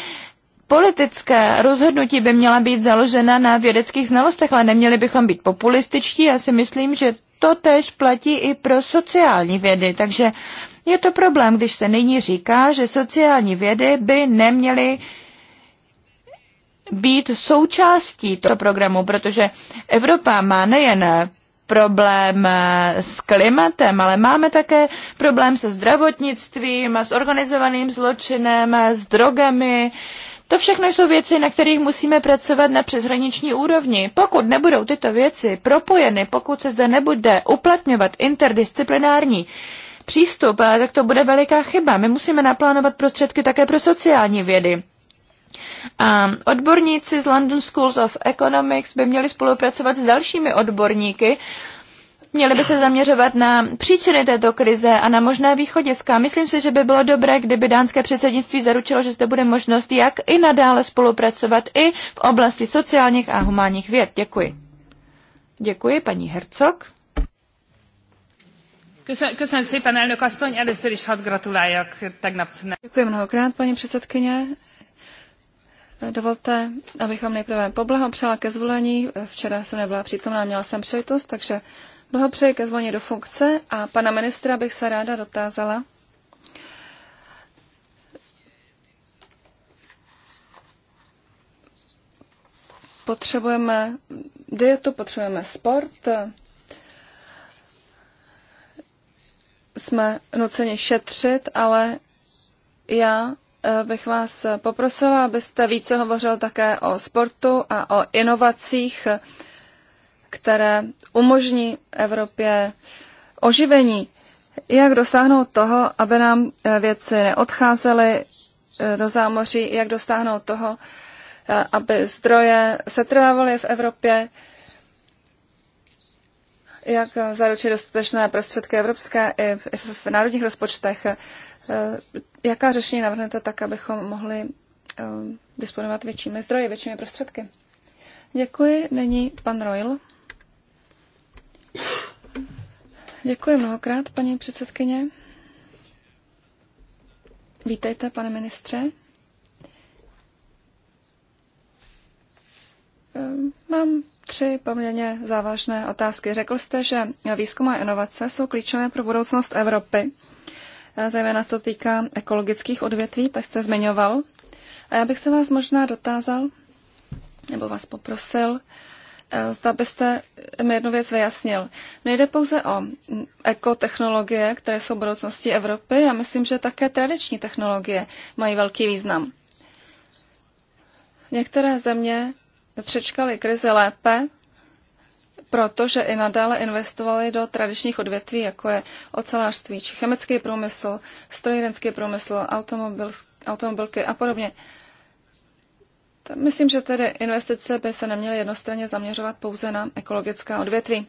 [SPEAKER 2] Politické rozhodnutí by měla být založena na vědeckých znalostech, ale neměli bychom být populističtí. Já si myslím, že to tež platí i pro sociální vědy. Takže je to problém, když se nyní říká, že sociální vědy by neměly být součástí toho programu, protože Evropa má nejen problém eh, s klimatem, ale máme také problém se zdravotnictvím, s organizovaným zločinem, eh, s drogami. To všechno jsou věci, na kterých musíme pracovat na přeshraniční úrovni. Pokud nebudou tyto věci propojeny, pokud se zde nebude uplatňovat interdisciplinární přístup, eh, tak to bude veliká chyba. My musíme naplánovat prostředky také pro sociální vědy. A odborníci z London Schools of Economics by měli spolupracovat s dalšími odborníky, Měli by se zaměřovat na příčiny této krize a na možné východiska. Myslím si, že by bylo dobré, kdyby dánské předsednictví zaručilo, že zde bude možnost, jak i nadále spolupracovat i v oblasti sociálních a humánních věd. Děkuji. Děkuji, paní Hercog.
[SPEAKER 3] Děkuji mnohokrát, paní předsedkyně. Dovolte, abych vám nejprve poblahopřála ke zvolení. Včera jsem nebyla přítomná, měla jsem přejitost, takže blahopřeji ke zvolení do funkce a pana ministra bych se ráda dotázala. Potřebujeme dietu, potřebujeme sport, jsme nuceni šetřit, ale já Eh, bych vás poprosila, abyste více hovořil také o sportu a o inovacích, které umožní Evropě oživení. Jak dosáhnout toho, aby nám eh, věci neodcházely eh, do zámoří, jak dosáhnout toho, aby zdroje setrvávaly v Evropě, jak zaručit dostatečné prostředky evropské i v národních rozpočtech. Eh, jaká řešení navrhnete tak, abychom mohli eh, disponovat většími zdroji, většími prostředky. Děkuji. Není pan Royl? Děkuji mnohokrát, paní předsedkyně. Vítejte, pane ministře. Eh, mám tři poměrně závažné otázky. Řekl jste, že výzkum a inovace jsou klíčové pro budoucnost Evropy Eh, zejména se to týká ekologických odvětví, tak jste zmiňoval. A já bych se vás možná dotázal, nebo vás poprosil, eh, zda byste mi jednu věc vyjasnil. Nejde pouze o ekotechnologie, které jsou budoucností Evropy, já myslím, že také tradiční technologie mají velký význam. Některé země přečkaly krize lépe protože i nadále investovali do tradičních odvětví, jako je ocelářství či chemický průmysl, strojírenský průmysl, automobil, automobilky a podobně. Myslím, že tedy investice by se neměly jednostranně zaměřovat pouze na ekologická odvětví.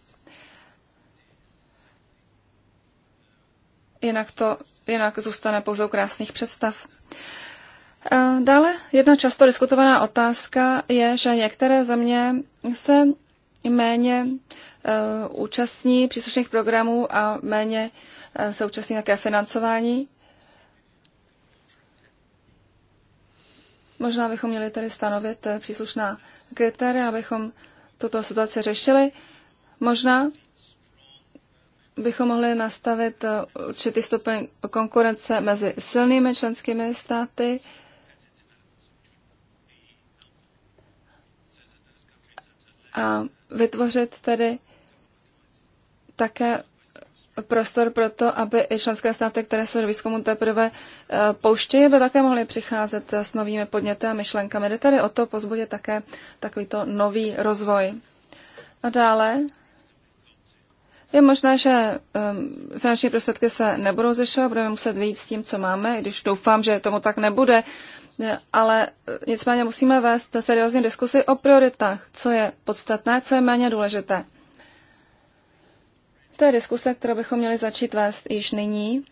[SPEAKER 3] Jinak to jinak zůstane pouze u krásných představ. Dále jedna často diskutovaná otázka je, že některé země se méně eh, účastní příslušných programů a méně eh, se účastní také financování. Možná bychom měli tedy stanovit eh, příslušná kritéria, abychom tuto situaci řešili. Možná bychom mohli nastavit určitý stupeň konkurence mezi silnými členskými státy a vytvořit tedy také prostor pro to, aby i členské státy, které se do výzkumu teprve eh, pouštějí, by také mohly přicházet s novými podněty a myšlenkami. Jde tady o to pozbudit také takovýto nový rozvoj. A dále je možné, že um, finanční prostředky se nebudou zešovat, budeme muset vyjít s tím, co máme, i když doufám, že tomu tak nebude, ale eh, nicméně musíme vést seriózní diskusi o prioritách, co je podstatné, co je méně důležité. To je diskuse, kterou bychom měli začít vést již nyní.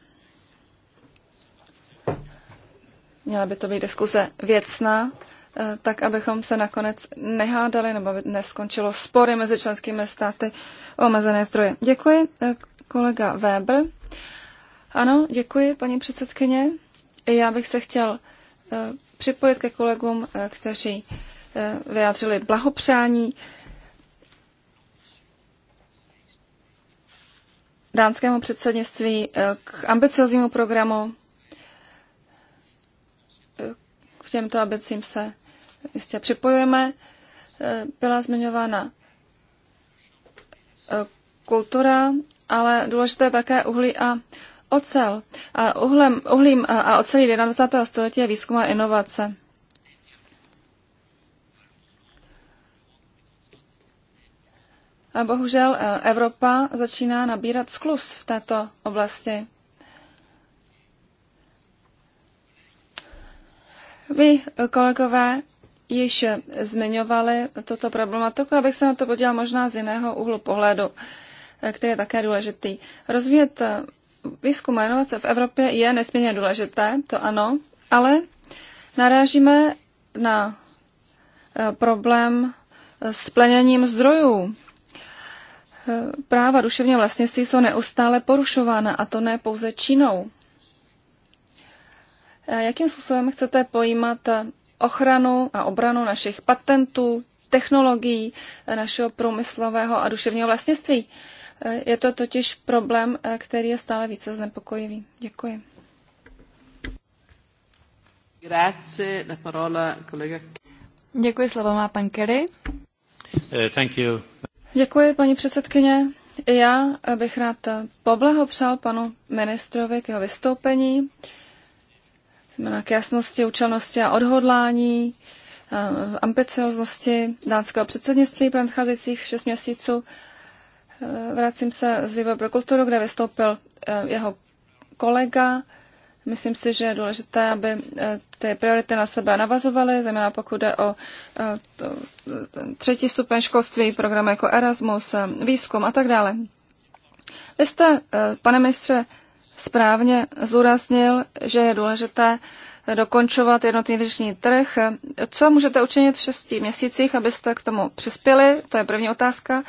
[SPEAKER 3] Měla by to být diskuse věcná, eh, tak abychom se nakonec nehádali nebo by neskončilo spory mezi členskými státy o omezené zdroje. Děkuji, eh, kolega Weber. Ano, děkuji, paní předsedkyně. Já bych se chtěl připojit ke kolegům, eh, kteří eh, vyjádřili blahopřání dánskému předsednictví eh, k ambicioznímu programu. K těmto ambicím se jistě připojujeme. Byla zmiňována kultura, ale důležité je také uhlí a Ocel a uhlem, uhlím a ocelí 21. století je výzkum a inovace. A bohužel eh, Evropa začíná nabírat sklus v této oblasti. Vy, kolegové, již zmiňovali tuto problematiku, abych se na to podíval možná z jiného úhlu pohledu, eh, který je také důležitý. Rozvíjet eh, výzkum a inovace v Evropě je nesmírně důležité, to ano, ale narážíme na eh, problém s plněním zdrojů. Eh, práva duševního vlastnictví jsou neustále porušována a to ne pouze Čínou. Eh, jakým způsobem chcete pojímat ochranu a obranu našich patentů, technologií, našeho průmyslového a duševního vlastnictví? Je to totiž problém, eh, který je stále více znepokojivý. Děkuji. kolega. Děkuji, slovo má pan Kelly. Eh, thank you. Děkuji, paní předsedkyně. Já bych rád poblahopřál panu ministrovi k jeho vystoupení, znamená k jasnosti, účelnosti a odhodlání, eh, ambicioznosti dánského předsednictví pro nadcházejících 6 měsíců. Vracím se z výboru pro kulturu, kde vystoupil eh, jeho kolega. Myslím si, že je důležité, aby eh, ty priority na sebe navazovaly, zejména pokud jde o eh, třetí stupeň školství, programy jako Erasmus, výzkum a tak dále. Vy jste, pane ministře, správně zúraznil, že je důležité dokončovat jednotný vnitřní trh. Co můžete učinit v šesti měsících, abyste k tomu přispěli? To je první otázka.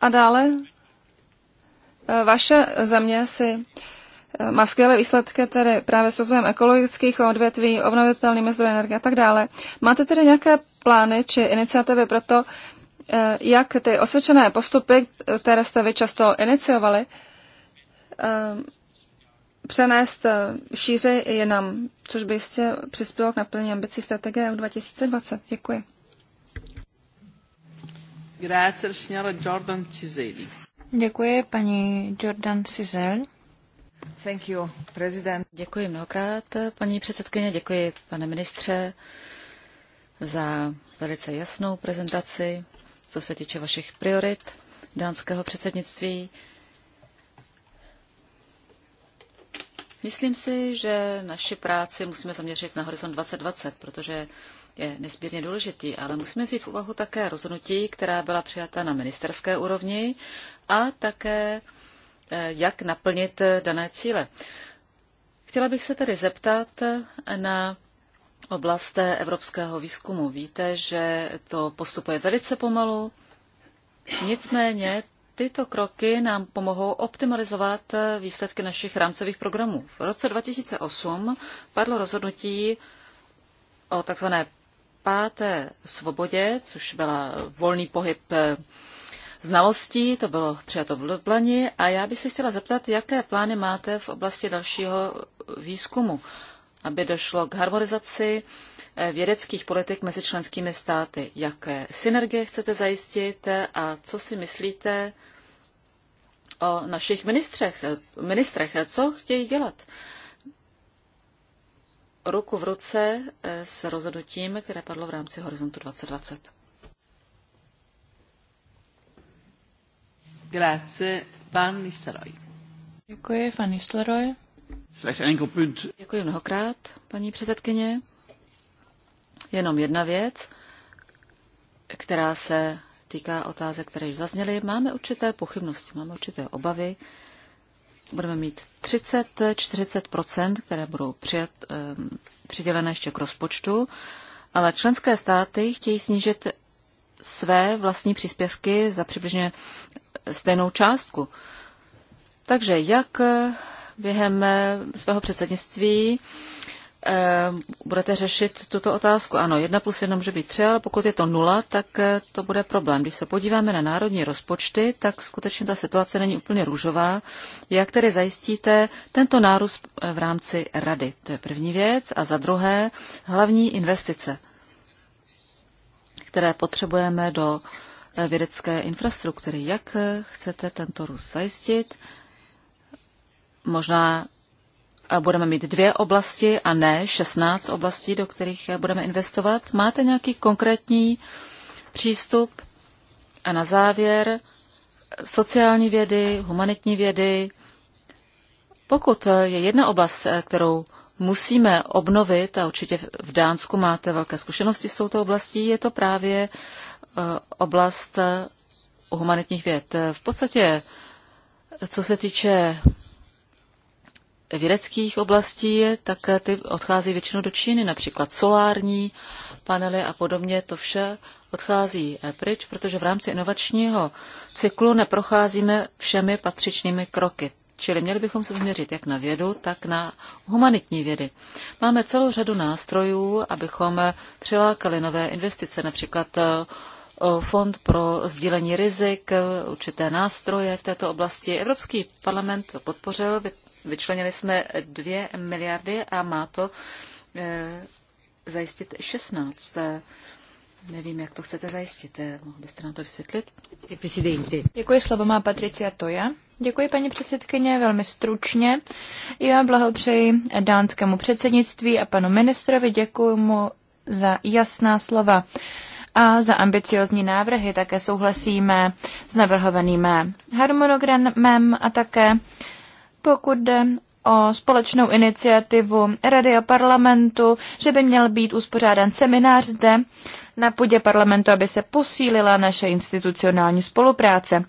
[SPEAKER 3] A dále e, vaše země si e, má skvělé výsledky tedy právě s rozvojem ekologických odvětví, obnovitelnými zdroje energie a tak dále. Máte tedy nějaké plány či iniciativy pro to, e, jak ty osvědčené postupy, které jste vy často iniciovali, přenést šíře jinam, což by jistě přispělo k naplnění ambicí strategie 2020. Děkuji.
[SPEAKER 1] Jordan Cizeli.
[SPEAKER 2] Děkuji, paní Jordan Cizel.
[SPEAKER 1] Thank you, president. Děkuji mnohokrát, paní předsedkyně, děkuji, pane ministře, za velice jasnou prezentaci, co se týče vašich priorit dánského předsednictví. Myslím si, že naši práci musíme zaměřit na horizont 2020, protože je nesmírně důležitý, ale musíme vzít v úvahu také rozhodnutí, která byla přijata na ministerské úrovni a také eh, jak naplnit eh, dané cíle. Chtěla bych se tedy zeptat eh, na oblast evropského výzkumu. Víte, že to postupuje velice pomalu, nicméně tyto kroky nám pomohou optimalizovat výsledky našich rámcových programů. V roce 2008 padlo rozhodnutí o takzvané páté svobodě, což byla volný pohyb eh, znalostí, to bylo přijato v Lublani a já bych se chtěla zeptat, jaké plány máte v oblasti dalšího výzkumu, aby došlo k harmonizaci eh, vědeckých politik mezi členskými státy. Jaké synergie chcete zajistit a co si myslíte o našich ministrech, eh, ministrech co chtějí dělat? ruku v ruce eh, s rozhodnutím, které padlo v rámci Horizontu 2020. Grazie, pan Nistaroj. Děkuji, pan Nistaroj. Děkuji mnohokrát, paní předsedkyně. Jenom jedna věc, která se týká otázek, které již zazněly. Máme určité pochybnosti, máme určité obavy budeme mít 30-40%, které budou přijat, ehm, přidělené ještě k rozpočtu, ale členské státy chtějí snížit své vlastní příspěvky za přibližně stejnou částku. Takže jak během svého předsednictví Eh, budete řešit tuto otázku. Ano, jedna plus jedna může být tři, ale pokud je to nula, tak eh, to bude problém. Když se podíváme na národní rozpočty, tak skutečně ta situace není úplně růžová. Jak tedy zajistíte tento nárůst eh, v rámci rady? To je první věc. A za druhé, hlavní investice, které potřebujeme do vědecké infrastruktury. Jak chcete tento růst zajistit? Možná budeme mít dvě oblasti a ne 16 oblastí, do kterých budeme investovat. Máte nějaký konkrétní přístup? A na závěr sociální vědy, humanitní vědy. Pokud je jedna oblast, eh, kterou musíme obnovit, a určitě v Dánsku máte velké zkušenosti s touto oblastí, je to právě eh, oblast eh, humanitních věd. V podstatě, co se týče vědeckých oblastí, tak ty odchází většinou do Číny, například solární panely a podobně. To vše odchází eh, pryč, protože v rámci inovačního cyklu neprocházíme všemi patřičnými kroky. Čili měli bychom se změřit jak na vědu, tak na humanitní vědy. Máme celou řadu nástrojů, abychom přilákali nové investice, například eh, fond pro sdílení rizik, eh, určité nástroje v této oblasti. Evropský parlament podpořil Vyčlenili jsme 2 miliardy a má to eh, zajistit 16. Eh, nevím, jak to chcete zajistit. Eh, mohl byste nám to vysvětlit?
[SPEAKER 2] Děkuji, slovo má Patricia Toja. Děkuji, paní předsedkyně, velmi stručně. Já blahopřeji dánskému předsednictví a panu ministrovi. Děkuji mu za jasná slova a za ambiciozní návrhy. Také souhlasíme s navrhovaným harmonogramem a také pokud jde o společnou iniciativu Radio parlamentu, že by měl být uspořádán seminář zde na půdě parlamentu, aby se posílila naše institucionální spolupráce.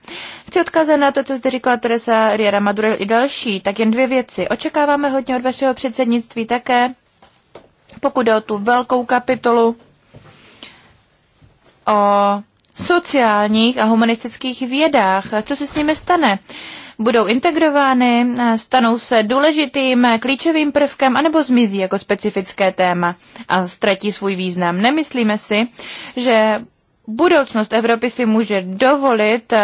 [SPEAKER 2] Chci odkazat na to, co jste říkala Teresa Riera Madurel i další, tak jen dvě věci. Očekáváme hodně od vašeho předsednictví také, pokud jde o tu velkou kapitolu o sociálních a humanistických vědách. Co se s nimi stane? Uh, budou integrovány, eh, stanou se důležitým eh, klíčovým prvkem anebo zmizí jako specifické téma a ztratí svůj význam. Nemyslíme si, že budoucnost Evropy si může dovolit uh,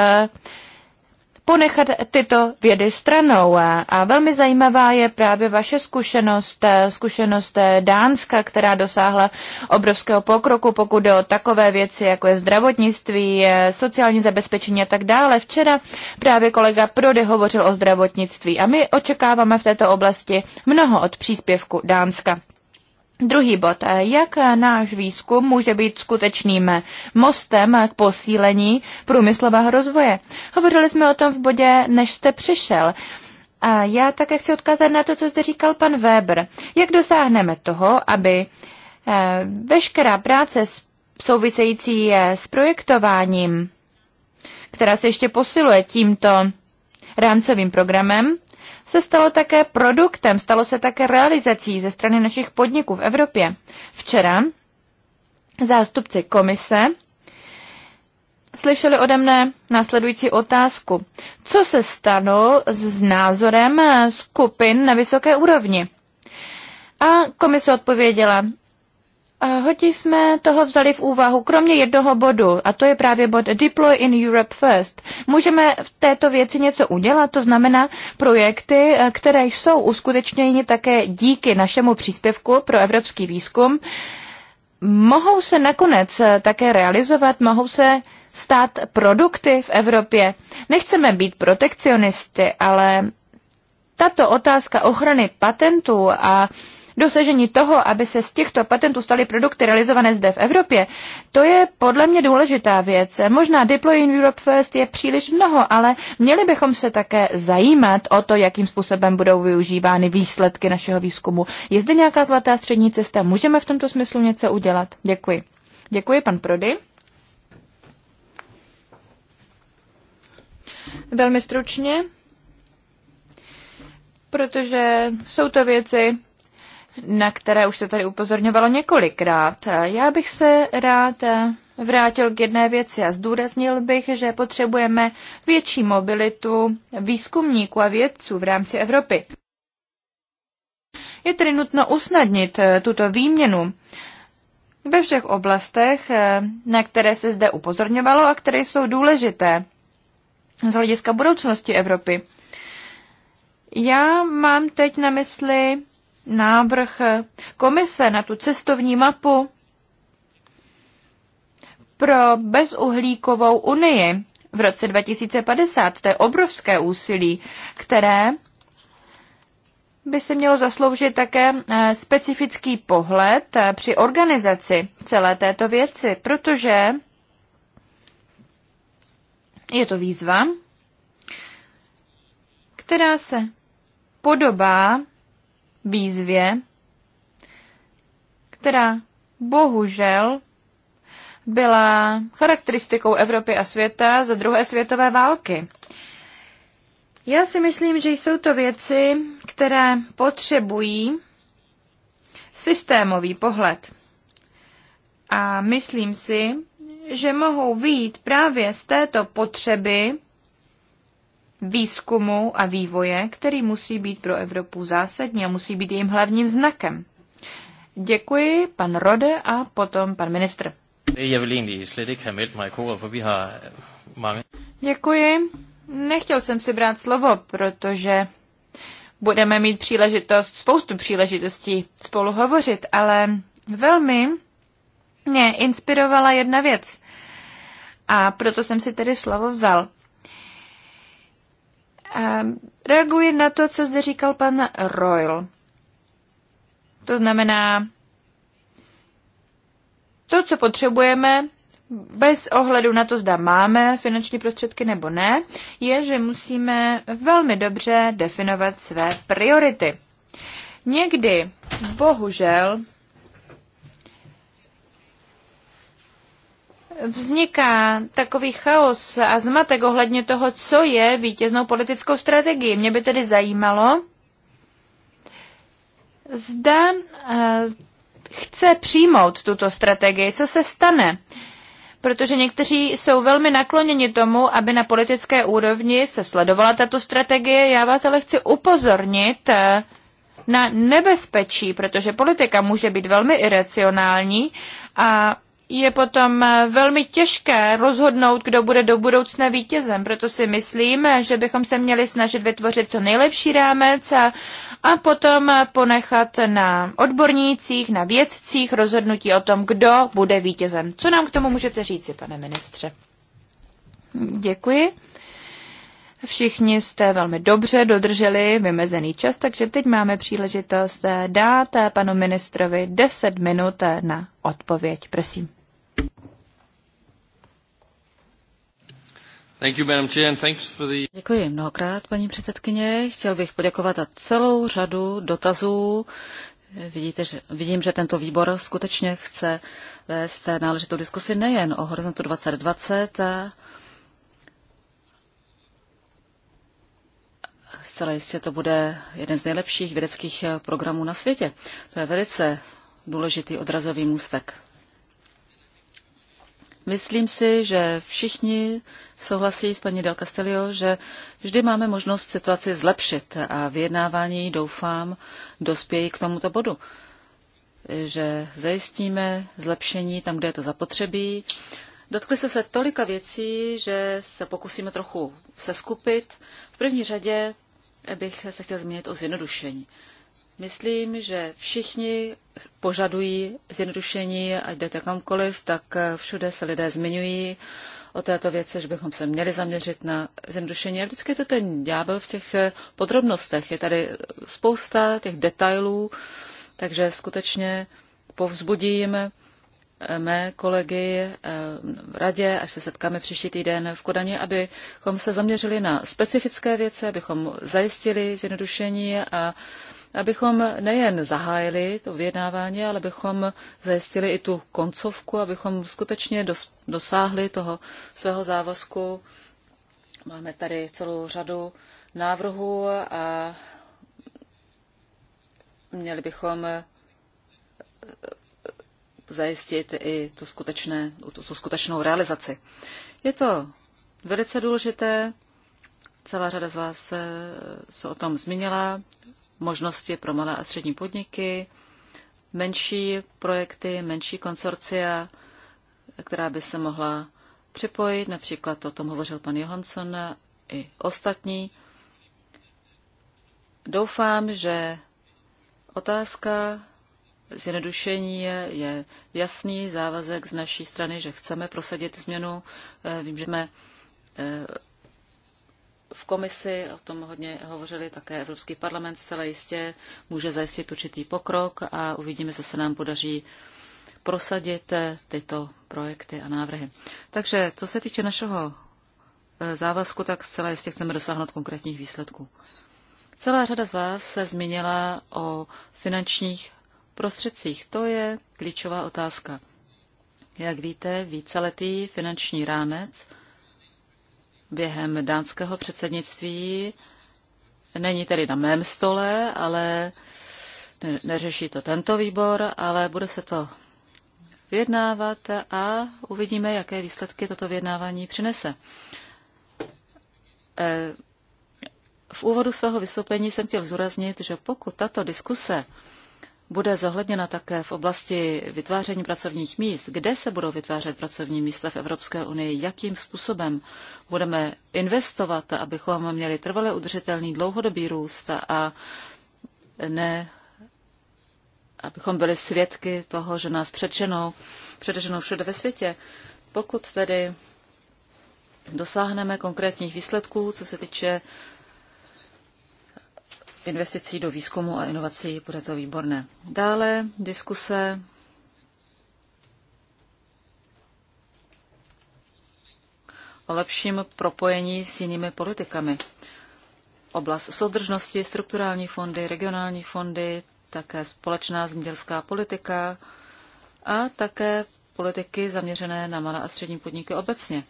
[SPEAKER 2] ponechat tyto vědy stranou. A velmi zajímavá je právě vaše zkušenost, eh, zkušenost eh, Dánska, která dosáhla obrovského pokroku, pokud jde o takové věci, jako je zdravotnictví, eh, sociální zabezpečení a tak dále. Včera právě kolega Prody hovořil o zdravotnictví a my očekáváme v této oblasti mnoho od příspěvku Dánska. Druhý bod. Jak náš výzkum může být skutečným mostem k posílení průmyslového rozvoje? Hovořili jsme o tom v bodě, než jste přišel. A já také chci odkázat na to, co jste říkal pan Weber. Jak dosáhneme toho, aby eh, veškerá práce související eh, s projektováním, která se ještě posiluje tímto rámcovým programem, se stalo také produktem, stalo se také realizací ze strany našich podniků v Evropě. Včera zástupci komise slyšeli ode mne následující otázku. Co se stalo s názorem skupin na vysoké úrovni? A komise odpověděla, Hodně jsme toho vzali v úvahu, kromě jednoho bodu, a to je právě bod Deploy in Europe First. Můžeme v této věci něco udělat, to znamená projekty, eh, které jsou uskutečněny také díky našemu příspěvku pro evropský výzkum, mohou se nakonec eh, také realizovat, mohou se stát produkty v Evropě. Nechceme být protekcionisty, ale tato otázka ochrany patentů a uh, dosažení toho, aby se z těchto patentů staly produkty realizované zde v Evropě, to je podle mě důležitá věc. Možná in Europe First je příliš mnoho, ale měli bychom se také zajímat o to, jakým způsobem budou využívány výsledky našeho výzkumu. Je zde nějaká zlatá střední cesta? Můžeme v tomto smyslu něco udělat? Děkuji. Děkuji, pan Prody. Velmi stručně, protože jsou to věci, na které už se tady upozorňovalo několikrát. Já bych se rád vrátil k jedné věci a zdůraznil bych, že potřebujeme větší mobilitu výzkumníků a vědců v rámci Evropy. Je tedy nutno usnadnit tuto výměnu ve všech oblastech, na které se zde upozorňovalo a které jsou důležité z hlediska budoucnosti Evropy. Já mám teď na mysli návrh komise na tu cestovní mapu pro bezuhlíkovou unii v roce 2050. To je obrovské úsilí, které by se mělo zasloužit také eh, specifický pohled eh, při organizaci celé této věci, protože je to výzva, která se podobá výzvě, která bohužel byla charakteristikou Evropy a světa za druhé světové války. Já si myslím, že jsou to věci, které potřebují systémový pohled. A myslím si, že mohou výjít právě z této potřeby výzkumu a vývoje, který musí být pro Evropu zásadní a musí být jejím hlavním znakem. Děkuji, pan Rode a potom pan ministr. Øh, Děkuji. Nechtěl jsem si brát slovo, protože budeme mít příležitost, spoustu příležitostí spolu hovořit, ale velmi mě inspirovala jedna věc. A proto jsem si tedy slovo vzal. Ehm, Reaguji na to, co zde říkal pan Royal. To znamená, to, co potřebujeme, bez ohledu na to, zda máme finanční prostředky nebo ne, je, že musíme velmi dobře definovat své priority. Někdy, bohužel, vzniká takový chaos a zmatek ohledně toho, co je vítěznou politickou strategii. Mě by tedy zajímalo, zda eh, chce přijmout tuto strategii, co se stane. Protože někteří jsou velmi nakloněni tomu, aby na politické úrovni se sledovala tato strategie. Já vás ale chci upozornit eh, na nebezpečí, protože politika může být velmi iracionální a je potom eh, velmi těžké rozhodnout, kdo bude do budoucna vítězem. Proto si myslím, eh, že bychom se měli snažit vytvořit co nejlepší rámec a, a potom eh, ponechat na odbornících, na vědcích rozhodnutí o tom, kdo bude vítězem. Co nám k tomu můžete říci, pane ministře? Děkuji. Všichni jste velmi dobře dodrželi vymezený čas, takže teď máme příležitost dát panu ministrovi 10 minut na odpověď. Prosím. Děkuji
[SPEAKER 1] mnohokrát, paní předsedkyně. Chtěl bych poděkovat za celou řadu dotazů. Vidíte, že, vidím, že tento výbor skutečně chce vést náležitou diskusi nejen o horizontu 2020, Zcela jistě to bude jeden z nejlepších vědeckých programů na světě. To je velice důležitý odrazový můstek. Myslím si, že všichni souhlasí s paní Del Castelio, že vždy máme možnost situaci zlepšit a vyjednávání, doufám, dospějí k tomuto bodu. Že zajistíme zlepšení tam, kde je to zapotřebí. Dotkli se se tolika věcí, že se pokusíme trochu seskupit. V první řadě bych se chtěl zmínit o zjednodušení. Myslím, že všichni požadují zjednodušení, ať jdete kamkoliv, tak všude se lidé zmiňují o této věci, že bychom se měli zaměřit na zjednodušení. A vždycky je to ten ďábel v těch podrobnostech. Je tady spousta těch detailů, takže skutečně povzbudím mé kolegy eh, v radě, až se setkáme příští týden v Kodani, abychom se zaměřili na specifické věci, abychom zajistili zjednodušení a abychom nejen zahájili to vyjednávání, ale abychom zajistili i tu koncovku, abychom skutečně dos- dosáhli toho svého závazku. Máme tady celou řadu návrhů a měli bychom eh, zajistit i tu, skutečné, tu, tu skutečnou realizaci. Je to velice důležité. Celá řada z vás eh, se o tom zmínila možnosti pro malé a střední podniky, menší projekty, menší konsorcia, která by se mohla připojit. Například o tom hovořil pan Johansson i ostatní. Doufám, že otázka zjednodušení je, je jasný závazek z naší strany, že chceme prosadit změnu. Eh, vím, že jsme eh, v komisi, o tom hodně hovořili také Evropský parlament, zcela jistě může zajistit určitý pokrok a uvidíme, zda se nám podaří prosadit eh, tyto projekty a návrhy. Takže co se týče našeho eh, závazku, tak zcela jistě chceme dosáhnout konkrétních výsledků. Celá řada z vás se zmínila o finančních prostředcích. To je klíčová otázka. Jak víte, víceletý finanční rámec – během dánského předsednictví. Není tedy na mém stole, ale neřeší to tento výbor, ale bude se to vyjednávat a uvidíme, jaké výsledky toto vyjednávání přinese. Eh, v úvodu svého vystoupení jsem chtěl zúraznit, že pokud tato diskuse bude zohledněna také v oblasti vytváření pracovních míst. Kde se budou vytvářet pracovní místa v Evropské unii? Jakým způsobem budeme investovat, abychom měli trvale udržitelný dlouhodobý růst a ne abychom byli svědky toho, že nás předženou, předženou všude ve světě. Pokud tedy dosáhneme konkrétních výsledků, co se týče investicí do výzkumu a inovací bude to výborné. Dále diskuse o lepším propojení s jinými politikami. Oblast soudržnosti, strukturální fondy, regionální fondy, také společná zemědělská politika a také politiky zaměřené na malé a střední podniky obecně.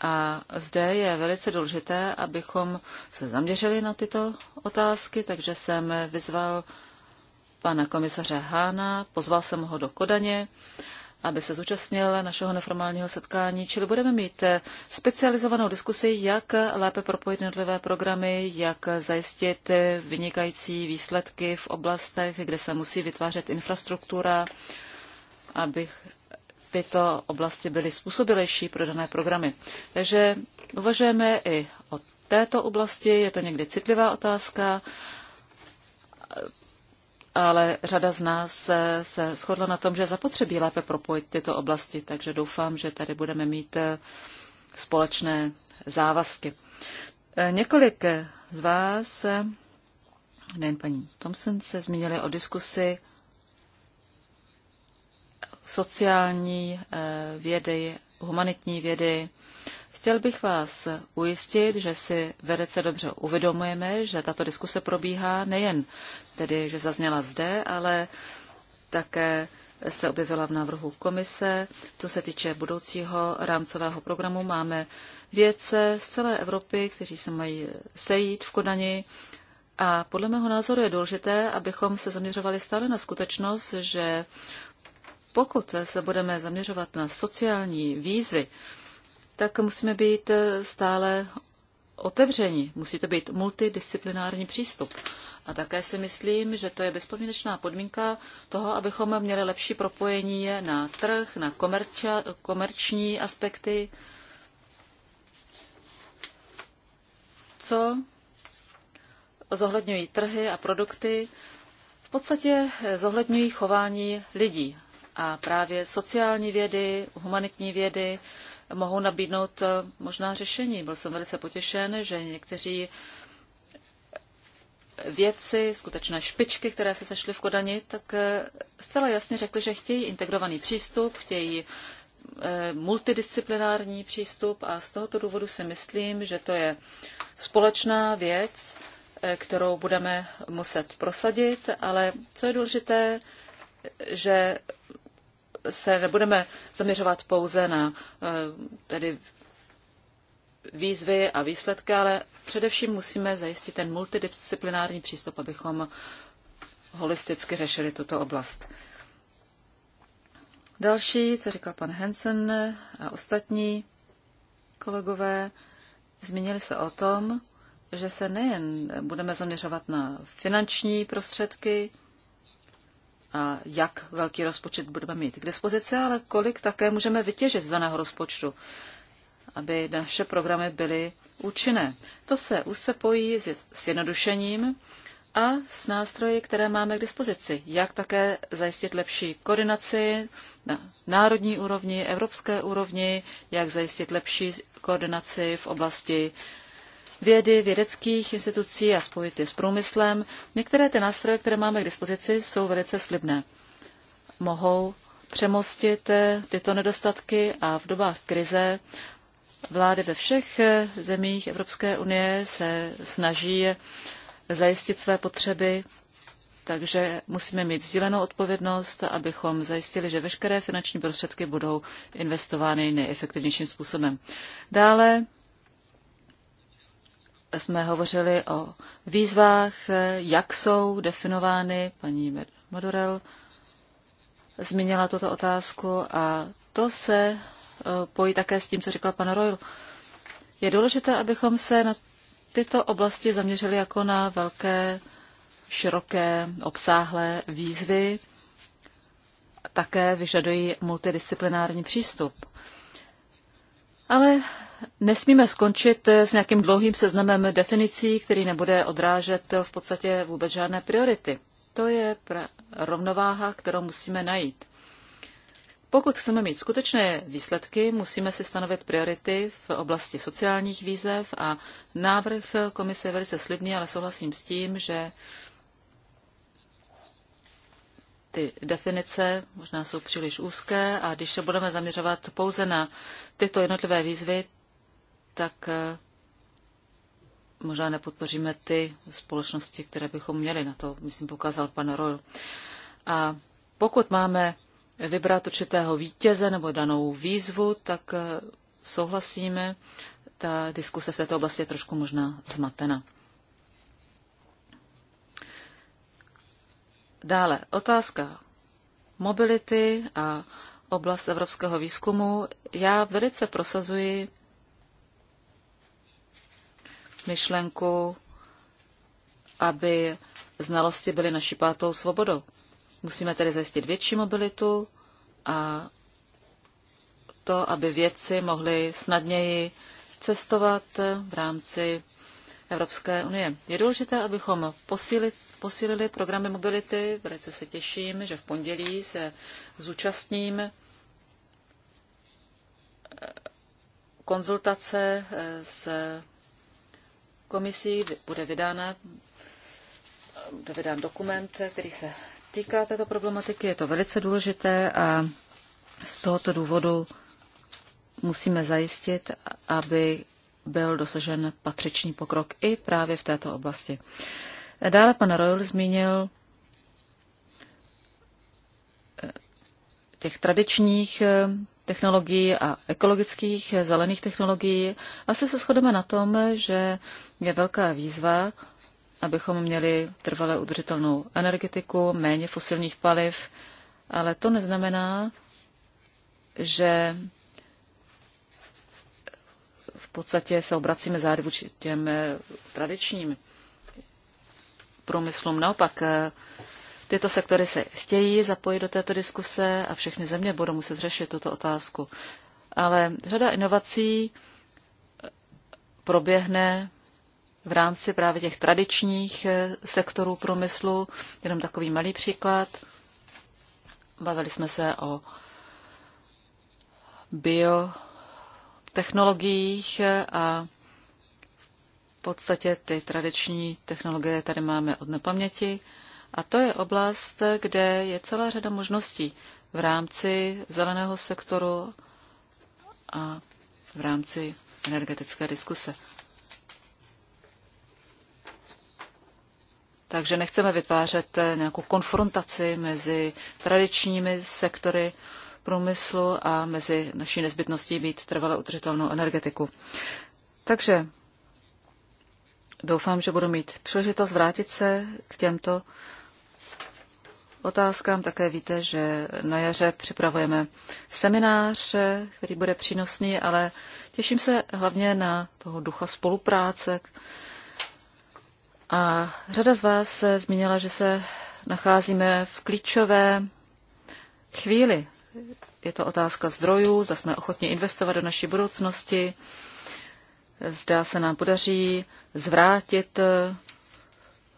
[SPEAKER 1] A zde je velice důležité, abychom se zaměřili na tyto otázky, takže jsem vyzval pana komisaře Hána, pozval jsem ho do Kodaně, aby se zúčastnil našeho neformálního setkání, čili budeme mít specializovanou diskusi, jak lépe propojit jednotlivé programy, jak zajistit vynikající výsledky v oblastech, kde se musí vytvářet infrastruktura, abych, tyto oblasti byly způsobilejší pro dané programy. Takže uvažujeme i o této oblasti, je to někdy citlivá otázka, ale řada z nás se shodla na tom, že zapotřebí lépe propojit tyto oblasti, takže doufám, že tady budeme mít eh, společné závazky. Eh, několik z vás, eh, nejen paní Thompson, se zmínili o diskusi sociální eh, vědy, humanitní vědy. Chtěl bych vás ujistit, že si velice dobře uvědomujeme, že tato diskuse probíhá nejen tedy, že zazněla zde, ale také se objevila v návrhu komise. Co se týče budoucího rámcového programu, máme vědce z celé Evropy, kteří se mají sejít v Kodani. A podle mého názoru je důležité, abychom se zaměřovali stále na skutečnost, že pokud se budeme zaměřovat na sociální výzvy, tak musíme být stále otevření. Musí to být multidisciplinární přístup. A také si myslím, že to je bezpodmínečná podmínka toho, abychom měli lepší propojení na trh, na komerča, komerční aspekty. Co zohledňují trhy a produkty, v podstatě zohledňují chování lidí. A právě sociální vědy, humanitní vědy mohou nabídnout eh, možná řešení. Byl jsem velice potěšen, že někteří vědci, skutečné špičky, které se sešly v Kodani, tak eh, zcela jasně řekli, že chtějí integrovaný přístup, chtějí eh, multidisciplinární přístup a z tohoto důvodu si myslím, že to je společná věc, kterou budeme muset prosadit, ale co je důležité, že se nebudeme zaměřovat pouze na eh, tedy výzvy a výsledky, ale především musíme zajistit ten multidisciplinární přístup, abychom holisticky řešili tuto oblast. Další, co říkal pan Hansen a ostatní kolegové, zmínili se o tom, že se nejen budeme zaměřovat na finanční prostředky, jak velký rozpočet budeme mít k dispozici, ale kolik také můžeme vytěžit z daného rozpočtu, aby naše programy byly účinné. To se úzce pojí s jednodušením a s nástroji, které máme k dispozici. Jak také zajistit lepší koordinaci na národní úrovni, evropské úrovni, jak zajistit lepší koordinaci v oblasti vědy, vědeckých institucí a spojit je s průmyslem. Některé ty nástroje, které máme k dispozici, jsou velice slibné. Mohou přemostit eh, tyto nedostatky a v dobách krize vlády ve všech eh, zemích Evropské unie se snaží eh, zajistit své potřeby, takže musíme mít sdílenou odpovědnost, abychom zajistili, že veškeré finanční prostředky budou investovány nejefektivnějším způsobem. Dále jsme hovořili o výzvách, jak jsou definovány, paní Madurel zmínila tuto otázku a to se e, pojí také s tím, co říkal pan Royal. Je důležité, abychom se na tyto oblasti zaměřili jako na velké, široké, obsáhlé výzvy. Také vyžadují multidisciplinární přístup. Ale nesmíme skončit s nějakým dlouhým seznamem definicí, který nebude odrážet v podstatě vůbec žádné priority. To je rovnováha, kterou musíme najít. Pokud chceme mít skutečné výsledky, musíme si stanovit priority v oblasti sociálních výzev a návrh komise je velice slibný, ale souhlasím s tím, že ty definice možná jsou příliš úzké a když se budeme zaměřovat pouze na tyto jednotlivé výzvy, tak eh, možná nepodpoříme ty společnosti, které bychom měli. Na to, myslím, pokázal pan Royal. A pokud máme vybrat určitého vítěze nebo danou výzvu, tak eh, souhlasíme. Ta diskuse v této oblasti je trošku možná zmatena. Dále otázka mobility a oblast evropského výzkumu. Já velice prosazuji myšlenku, aby znalosti byly naší pátou svobodou. Musíme tedy zajistit větší mobilitu a to, aby věci mohly snadněji cestovat v rámci Evropské unie. Je důležité, abychom posílit, posílili programy mobility. Velice se těším, že v pondělí se zúčastním eh, konzultace eh, s komisí bude, vydána, bude vydán dokument, který se týká této problematiky. Je to velice důležité a z tohoto důvodu musíme zajistit, aby byl dosažen patřičný pokrok i právě v této oblasti. Dále pan Royal zmínil eh, těch tradičních eh, technologií a ekologických eh, zelených technologií. Asi se shodeme na tom, že je velká výzva, abychom měli trvale udržitelnou energetiku, méně fosilních paliv, ale to neznamená, že v podstatě se obracíme zády vůči těm eh, tradičním průmyslům. Naopak, eh, Tyto sektory se chtějí zapojit do této diskuse a všechny země budou muset řešit tuto otázku. Ale řada inovací eh, proběhne v rámci právě těch tradičních eh, sektorů průmyslu. Jenom takový malý příklad. Bavili jsme se o biotechnologiích eh, a v podstatě ty tradiční technologie tady máme od nepaměti. A to je oblast, kde je celá řada možností v rámci zeleného sektoru a v rámci energetické diskuse. Takže nechceme vytvářet nějakou konfrontaci mezi tradičními sektory průmyslu a mezi naší nezbytností být trvale udržitelnou energetiku. Takže doufám, že budu mít příležitost vrátit se k těmto otázkám. Také víte, že na jaře připravujeme seminář, který bude přínosný, ale těším se hlavně na toho ducha spolupráce. A řada z vás se zmínila, že se nacházíme v klíčové chvíli. Je to otázka zdrojů, zda jsme ochotni investovat do naší budoucnosti, zdá se nám podaří zvrátit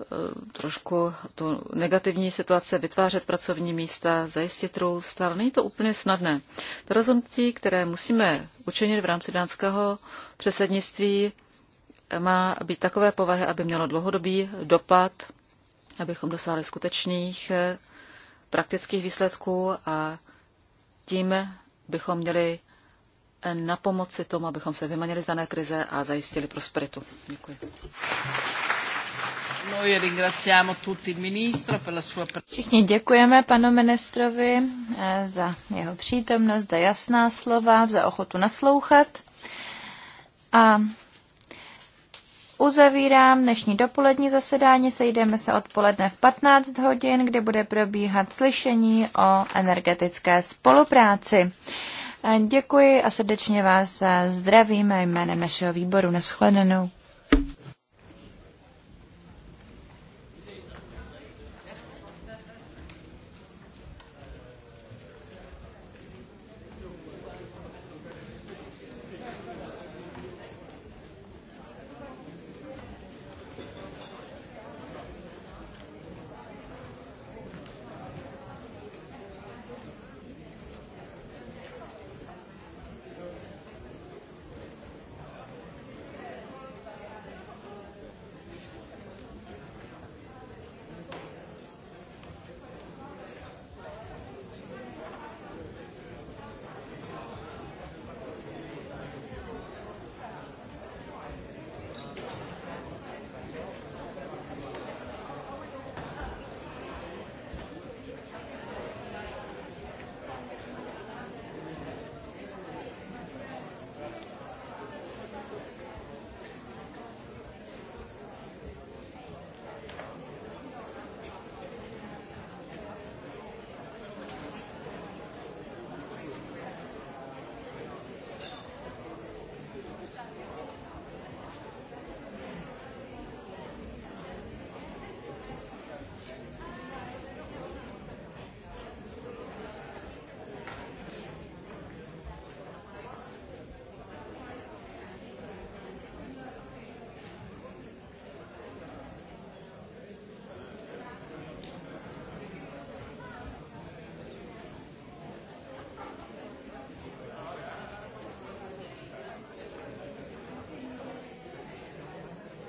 [SPEAKER 1] Eh, trošku tu negativní situace, vytvářet pracovní místa, zajistit růst, ale není to úplně snadné. To rozhodnutí, které musíme učinit v rámci dánského předsednictví, eh, má být takové povahy, aby mělo dlouhodobý dopad, abychom dosáhli skutečných eh, praktických výsledků a tím bychom měli na pomoci tomu, abychom se vymanili z dané krize a zajistili prosperitu. Děkuji. Všichni
[SPEAKER 2] děkujeme panu ministrovi eh, za jeho přítomnost, za jasná slova, za ochotu naslouchat. A uzavírám dnešní dopolední zasedání. Sejdeme se odpoledne v 15 hodin, kde bude probíhat slyšení o energetické spolupráci. Eh, děkuji a srdečně vás eh, zdravíme jménem našeho výboru. Naschledanou.